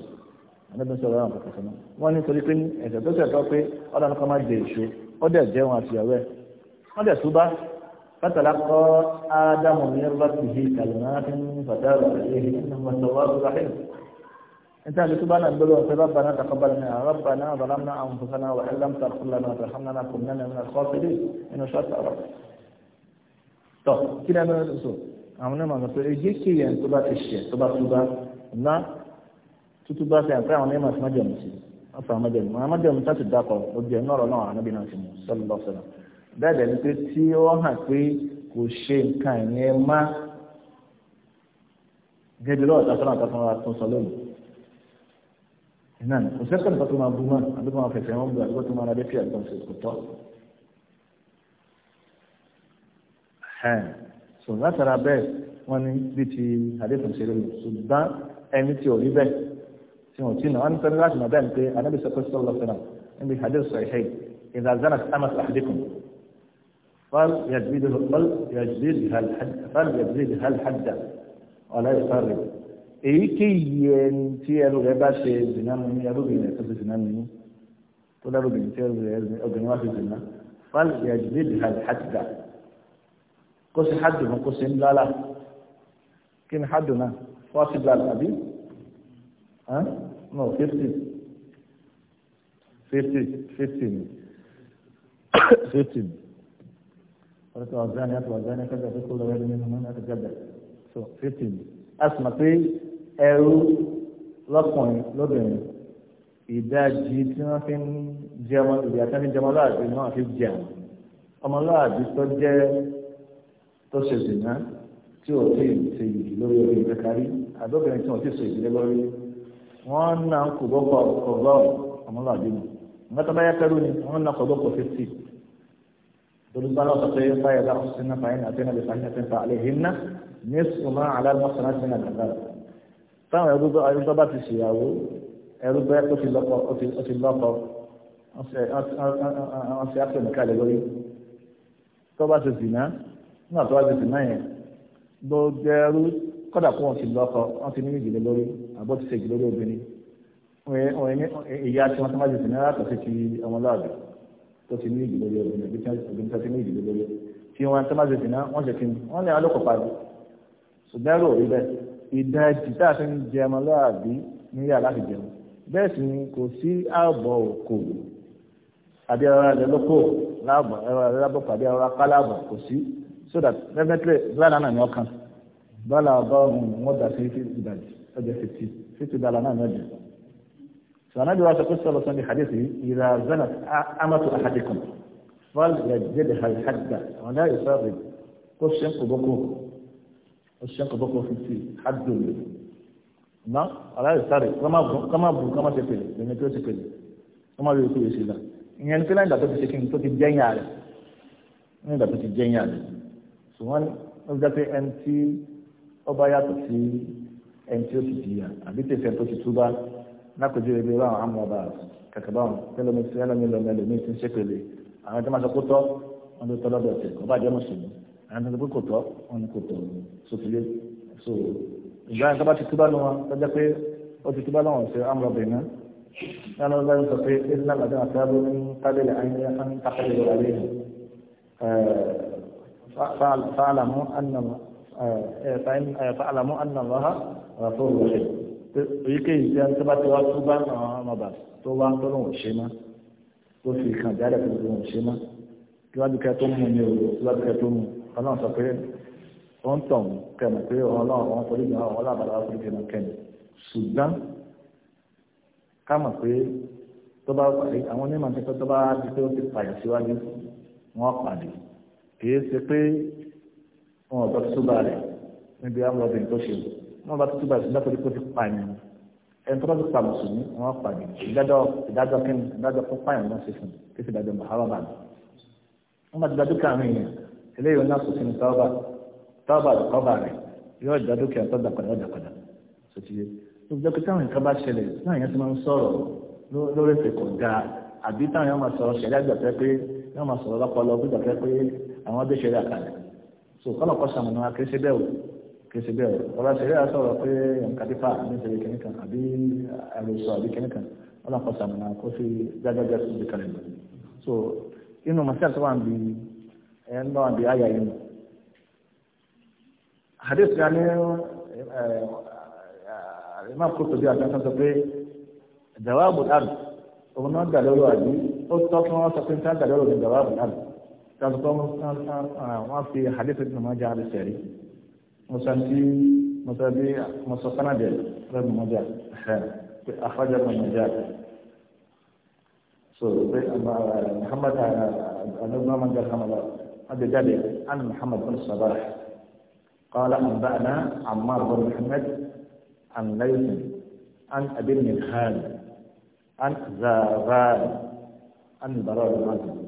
anábì sọ̀rọ̀ àwọn kọ̀ọ̀kan náà wọ́n ní torí pé ẹ̀sẹ̀ tó ṣẹ̀tọ́ pé ọ̀dà nǹkan máa dé èso ọ̀dà jẹun àtìyàwó ẹ̀ ọ̀dà túbá فتلقى آدم من ربه كلمات فتاب عليه إنه التواب الرحيم انت لتبانا نقول ربنا تقبل منا ربنا ظلمنا أنفسنا وإن لم تغفر لنا وترحمنا لنكونن من الخاسرين شاء الله ربنا طب كنا من الأصول أنا إيه يعني ما نقول pé كي kì í yẹn tó bá ti ṣe tó bá túbá ńlá tútúbá جمسي àpẹ àwọn onímọ̀ sí májèmù sí wọn fà májèmù àwọn májèmù tá ti dáadáa ni pé tí ó hàn pé kò ṣe nǹkan yẹn má gẹ́gẹ́ lọ́wọ́ tá a sọ́nà àtàkùn wa tún sọ lónìí ìnáà kò sẹ́kọ̀ọ́ nípa tó máa bú mọ́ àdúgbò máa fẹ̀sẹ̀ wọn bú àdúgbò tó máa rábẹ́ fi àgbọn sí kò tọ́. sọ látara bẹ́ẹ̀ wọ́n ní bí ti àdéhùn ṣe lónìí ṣùgbọ́n ẹni tí ò rí bẹ́ẹ̀ tí wọ́n ti nà wọ́n ní sọ́ni láti mọ̀ bẹ́ẹ̀ ni pé anábìsọ̀kọ̀ sọ̀rọ̀ lọ́sọ̀rọ̀ níbi àdéhùn sọ̀ قال يجديد القلب يجديد هالحد قال يجديد هالحد ولا يقرب اي كي ينتي الغبات بنام من يروبي نتبه بنام من تولى روبي نتبه بنام من يروبي نتبه قال يجديد هالحد قص حد من قص لا لا كن حدنا فاسد لا الأبي ها نو فيرتي فيرتي فيرتي فيرتي ọ̀rẹ́tọ̀ ọ̀zánì àti ọ̀zánì kẹ́kẹ́ tó kó lọ́wọ́ ẹni nínú mọ́nà àti gẹ́gẹ́ so fifteen a sì mọ̀ pé ẹrú lọ́kùnrin lóbìnrin ìdajì tí wọ́n fi ń jẹmọ ìyá tí wọ́n fi ń jẹmọ láàbí náà fi jẹ àwọn ọmọláàbí tó jẹ́ tó ṣe dènà tí ò tí ì ṣe ìdí lórí obìnrin kẹkàrí àdóbìnrin tí ò tí ì ṣe ìdílé lórí wọn náà ń gbọ́kọ̀ ọ̀gbọ́n ọmọláàbí mi nígbà tó bá yá kẹrù ni wọn náà kó gbọ́kọ̀ fifty تقول الله تقي فايا دعسنا فإن أتينا بفاحشة فعليهن نصف ما على المحصنات من العذاب táwọn ẹrú bá ẹrú bá ti ṣèyàwó ẹrú bá ó ti lọ́kọ ó ti lọ́kọ wọ́n ṣe ápẹ́ nìkan lè lórí tó bá ti zìnà nígbà tó bá ti zìnà yẹn gbogbo ẹrú kọ́dà kó wọ́n ti lọ́kọ wọ́n ti ní ìjìnlẹ̀ lórí àbọ̀ ti ṣe ìjìnlẹ̀ lórí obìnrin ìyá tí wọ́n ti má ti zìnà yàtọ̀ sí ti ọmọlúwàbí tó ti ní ìdílé lórí obìnrin tó ti ní ìdílé lórí tí wọn tó má ṣe sìnà wọn ṣe kíni wọn lè alókò pàdé ṣùgbọ́n ẹrù òrí bẹ́ẹ̀ ìdajì tá a fi ń jẹ ọmọ lọ́àbí níyà láti jẹun bẹ́ẹ̀ sì ni kò sí ààbọ̀ òkò àbí ọ̀rọ̀ rẹ̀ lóko láàbọ̀ ẹ̀rọ rẹ̀ lábọ̀ pàdé ọ̀rọ̀ apáláàbọ̀ kò sí so that definitely bílànà náà ni ọkàn bílànà ọgọ́rùn-ún wọn dà sí ìdajì ọjọ́ náà ni ọjọ́ sànàbí wa sọ̀kú sọ̀rọ̀ sọ̀rọ̀ hadith yìí ìlà zana amatu ahadikum fal yajid hal hadda wọn dá ìsọ rẹ kó sẹ́n kò bọ́kọ́ kó sẹ́n kò bọ́kọ́ fi ti haddo lè na ala ìsọ rẹ kama bu kama ṣe pèlè lẹ́yìn tó ṣe pèlè kama yóò kó yẹ sí la ìyẹn kí láyìn dàtọ́ ti ṣe kí ni tó ti jẹ́yìn àrẹ ní ìdàtọ́ ti jẹ́yìn àrẹ ṣùgbọ́n ó dápẹ́ ẹni tí ọba yàtọ̀ sí ẹni tí ó ti jìyà àbí tẹ̀sẹ̀ tó ti túbá lápèjú rẹ̀ bí wọ́n àwọn àmọ́ bá kàkà báwọn tẹ́lẹ̀mí sí ẹlẹ́mí lọ́mọ ẹlẹ́mí ti ń ṣépele àwọn tó máa sọ kó tọ́ wọn ló tọ́ lọ́dọ̀ tẹ̀ kó bá jẹ́ mùsùlùmí àwọn tó sọ pé kò tọ́ wọn ni kò tọ́ sófìlẹ̀ so ìgbà yẹn tó bá ti túbá lọ wọn tó jẹ́ pé ó ti túbá lọ́wọ́ sí àmọ́ bẹ̀rẹ̀ náà yálà ó lọ́yìn sọ pé ìdílé àgbàdo àti abúlé ń tábìlì àyìn fa'alamu anna Allah ghafurur rahim èyíkéyìí tí wọ́n bá ti wá tó bá àwọn ọmọọba tó wá tó lóun ṣe má tó fi kàn jáde tó lóun ṣe má kí wọ́n dúkẹ́ tó mú ní òru kí wọ́n dúkẹ́ tó mú ọlọ́run sọ pé ó ń tàn kẹmọ̀ pé ọlọ́run ọ̀hún forí gbà ọ̀hún làbàlá wá forí gbà kẹmọ̀ ṣùgbọ́n ká mọ̀ pé tó bá pàdé àwọn onímọ̀ nípa tó bá di pé ó ti pààyàn síwájú wọ́n pàdé kì í ṣe pé wọn ò wọ́n bá tútù báyìí látọ̀rí kó ti pààyàn ẹni tó bá ti pa mùsùlùmí wọ́n pààyàn ìdájọ́ ìdájọ́ kẹ́mi ìdájọ́ fún pààyàn náà ṣe fún kí sì dájọ́ mọ̀hárọ́bà ni wọ́n bá ti dájú káàrin èèyàn eléyìí náà kò sínú tọ́ọ̀bà tọ́ọ̀bà rẹ̀ kọ́bà rẹ̀ yóò dájú kí ọ̀tọ́ dàpadà dàpadà sotire ìjọba táwọn nǹkan bá ṣẹlẹ̀ náà yẹn ti máa ń sọ̀rọ̀ lórí ètò kò àbí táwọn yẹn máa sọ̀rọ̀ ṣẹlẹ̀ àgbàfẹ́ pé yẹn máa sọ̀rọ̀ lọ́pọ̀lọpọ̀ àgbàfẹ́ pé àwọn ọdún ṣẹlẹ̀ àkàlẹ̀ so kọ́lọ̀kọ́ sàmùnà akéṣe bẹ́ẹ̀ wò kìí ṣe bẹ́ẹ̀ ọ̀rọ̀ ṣẹlẹ̀ àṣọ̀rọ̀ pé nkàdífà nítorí kìnìkan àbí àròsọ àbí kìnìkan wọn náà kọsà mọ̀nà kó fi jágbájá sí ibi kalẹ̀ lọ. so inú masal tó wà ń bi ẹ̀ ń lọ́wọ́ bí àyà yìí nù. hadith ya ni imam kó tóbi àti ẹ̀sán sọ pé jawabu dàrú òun náà gbà lọ́rọ̀ àbí ó tọ́ kí wọ́n sọ pé nǹkan gbà lọ́rọ̀ ní jawabu dàrú. wọ́n fi hadith ibn Majah àbí sẹ́rí. مسنتي مسابي مسقنا جل رب مجال حسنا أخرج من مجال سورة محمد أنبنا من جل محمد أبي جابي عن محمد بن الصباح قال أنبأنا عمار بن محمد عن ليث عن أبي النخال عن زاران عن البراء بن عزم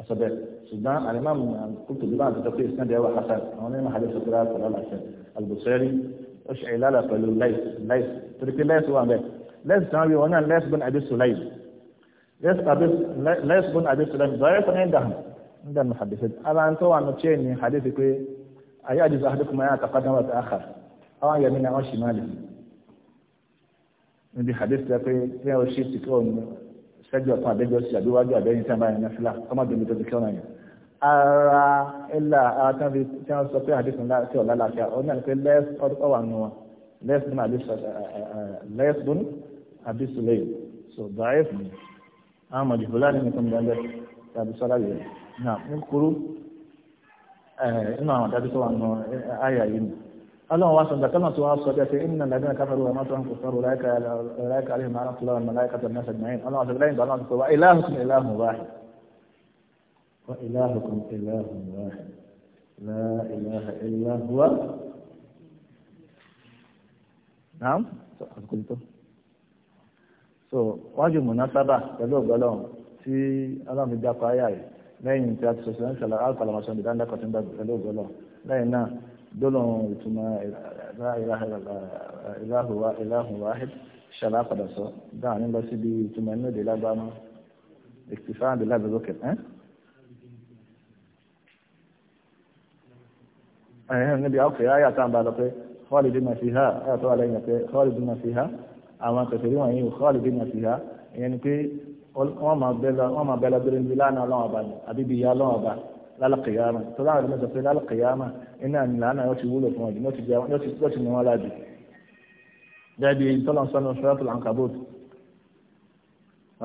ọsọdẹ ṣùgbọn alimami kútu bí wọn àtúntò pé ìsinadẹ wà hasan àwọn onímọ̀ hadith sọ̀rọ̀ àkọlọ àṣẹ alùbùsẹ́rì ó ṣe ìlàlà pẹ̀lú láìs láìs torí pé láìs wà mẹ́ láìs tí wọ́n wí wọn náà láìs bọ́n àbí sùláì láìs bọ́n àbí sùláì bọ́ọ̀rẹ́ fún ẹ̀ńdà ẹ̀ńdà mi hadith ara ń tó wà ní chain ní hadith pé ayé àdìs àdìkùnmọ̀ yà àtàkàdàn wà tààkà àwọn yẹmi ni àwọn ṣì máa lè níbi hadith pé kí wọ́n ṣe sìkọ́ sẹ́jọ́ ọ̀tún àbẹ́jọ́ sí àbíwájú àbẹ́yìn tí wọ́n bá yẹn ní fílà kọ́mọ́ bí mi tó ti kí ọ̀nà yẹn. ara ẹ̀là ara tí wọ́n fi tí wọ́n sọ pé àdéhùn láti ọ̀la láti ọ̀nà ni pé lẹ́ẹ̀sì ọ̀dọ́ wà nù wọn lẹ́ẹ̀sì dún àbí àbí sùlẹ̀ so bàáyé fún mi àwọn mọ̀jùbọ́lá ní nìkan bẹ́ẹ̀ tàbí sọ́lá yẹn náà ní kúrú eh, inú àwọn àdájọ́ tó wà nù eh, ọlọ́run wa sọ̀dọ̀ kọ́nà tí wọ́n sọ pé ìnà lẹ́dínà káfàrú wa mọ́tò ọ̀nkù sọ̀rọ̀ láìka alẹ́ màá tó lọ́wọ́ màláìka tó mẹ́sẹ̀ mẹ́rin ọlọ́run sọ̀dọ̀ lẹ́yìn ìgbàlọ́run sọ̀rọ̀ wa ìlàhùn ìlàhùn wa wa ìlàhùn ìlàhùn wa la ilaha illa huwa. naam àsìkò yìí tó. so wọ́n ju mùnà sábà pẹ̀lú ọ̀gbọ́lọ́run tí ọlọ́run fi dákọ̀ ayà yìí lẹ́yìn tí a ti sọ̀sọ̀ dọ́lọ́run ìtumọ̀ ìlàhùn wáhìd ṣàlá padà sọ dáhùn nílọ síbi ìtumọ̀ inú èdè lágbàmú ìtìfáà àdè lábẹ́lókè ẹ́. ẹ̀hìn níbi àwọn fèrè àyà táwọn bá lọ pé kọ́ọ̀lì dínà sí ha àyà tó wà lẹ́yìn pé kọ́ọ̀lì dínà sí ha àwọn akẹ́kẹ̀ẹ́ wọn yìí kọ́ọ̀lì dínà sí ha ìyẹn ni pé wọ́n máa bẹ́ lọ bẹ́rẹ̀ níbi lánàá ọlọ́wọ́n ọba àbíbi ìyá ọlọ́wọ́n ọba lálẹ́kìyàmà tọ́lá àwọn ẹlẹ́mẹ́sọ pé lálẹ́kìyàmà iná ìlànà yóò ti wúlò fún ọjọ́ yóò ti níwọ́n láàbì dẹ́bi tọ́lá sọ́nà sọ́yàtò lankabot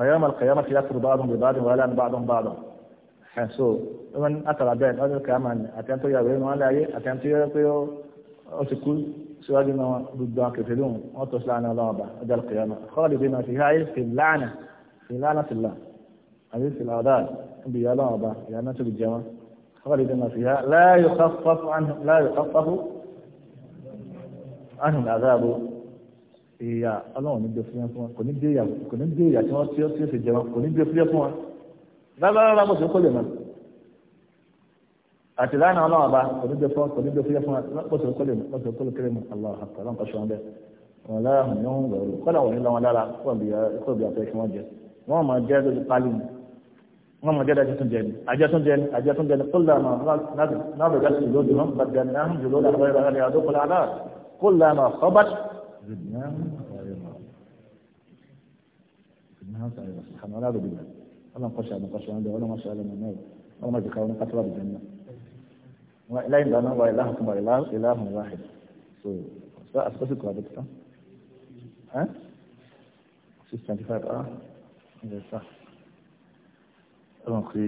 ọ̀yọ́ malkìyàmà ti yàtọ̀ báàdùn bí báàdùn wàhálà ní báàdùn báàdùn ẹ̀sọ́ wọn àtàrà bẹ́ẹ̀ lọ́jọ́ kìyàmà ni àtẹ́ntó yàwé ní wọn láyé àtẹ́ntó yẹ pé ó ti kú síwájú náà gbogbo akẹ́fẹ́ lóhùn wọn tó sílá náà lọ́wọ́ bá ọjọ́ kìyàmà kọ́ọ̀lì bí náà fi háyé fi láànà fi láànà fi là àbí fi làwọ́dà níbi ìyá lọ́wọ́ bá ìyá náà tó fi jẹ wọn. خالدين فيها لا يخفف عنهم لا يخفف عنهم العذاب ìyà ọlọ́run ní gbé fúyẹ́ fún wa kò ní gbé ìyà kò ní gbé ìyà tí wọ́n tí ó tí ó fi jẹ wọn kò ní gbé fúyẹ́ fún wa rárá bó ṣe kó lè mọ̀ àti lánà ọlọ́run ọba kò ní gbé fún wa kò ní gbé fúyẹ́ fún wa bó ṣe kó lè mọ̀ bó ṣe kó lè kéré mọ̀ aláwọ̀ àpá ọlọ́run kọ́ ṣe wọn bẹ́ẹ̀ wọn lára hàn yóò ń gbọ̀rọ̀ kọ́dà wọn ní lọ́wọ́ lára kó bí àtẹ̀ṣe wọn jẹ wọn máa jẹ́ lójú pálí ni ثم جاء أجتنجن أجتنجن كلما نضجت جلودهم بدلناهم جلودا غير أن يذوقوا العذاب كلما خبت زدناهم زدناهم سعيرا سبحان الله ونعوذ بالله ولا نقش على نقش عنده ولا ما شاء الله من النار ولا ما ذكر ولا قتل بالجنة لا يمدنا وإلهكم وإله إله واحد أستفدك هذا كتاب ها 625 آه إذا صح ọlọ́n kí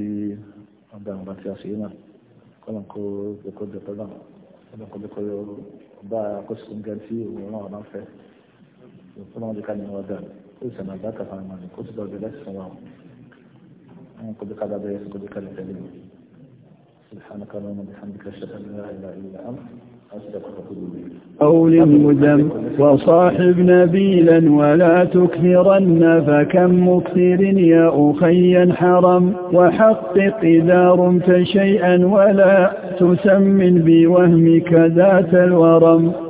wọ́n dá àwọn àti àṣeyẹ náà kọ́lọ́n kó ẹ̀kọ́ jẹ̀kọ́ náà kọ́lọ́n kó ẹ̀kọ́ bá akọ́sí nǹkan tí òun náà máa fẹ́ kọ́lọ́n lè ká ní wọ́n dà kó ìsàn àgbà kàfà máa ní kó sì lọ́ọ́ bẹ̀rẹ̀ sàn wà kó bí ká dábẹ́ yẹn kó bí ká lè tẹ̀lé سبحانك اللهم وبحمدك اشهد ان أو للمدم وصاحب نبيلا ولا تكثرن فكم مكثر يا أخي حرم وحقق إذا رمت شيئا ولا تسمن بوهمك ذات الورم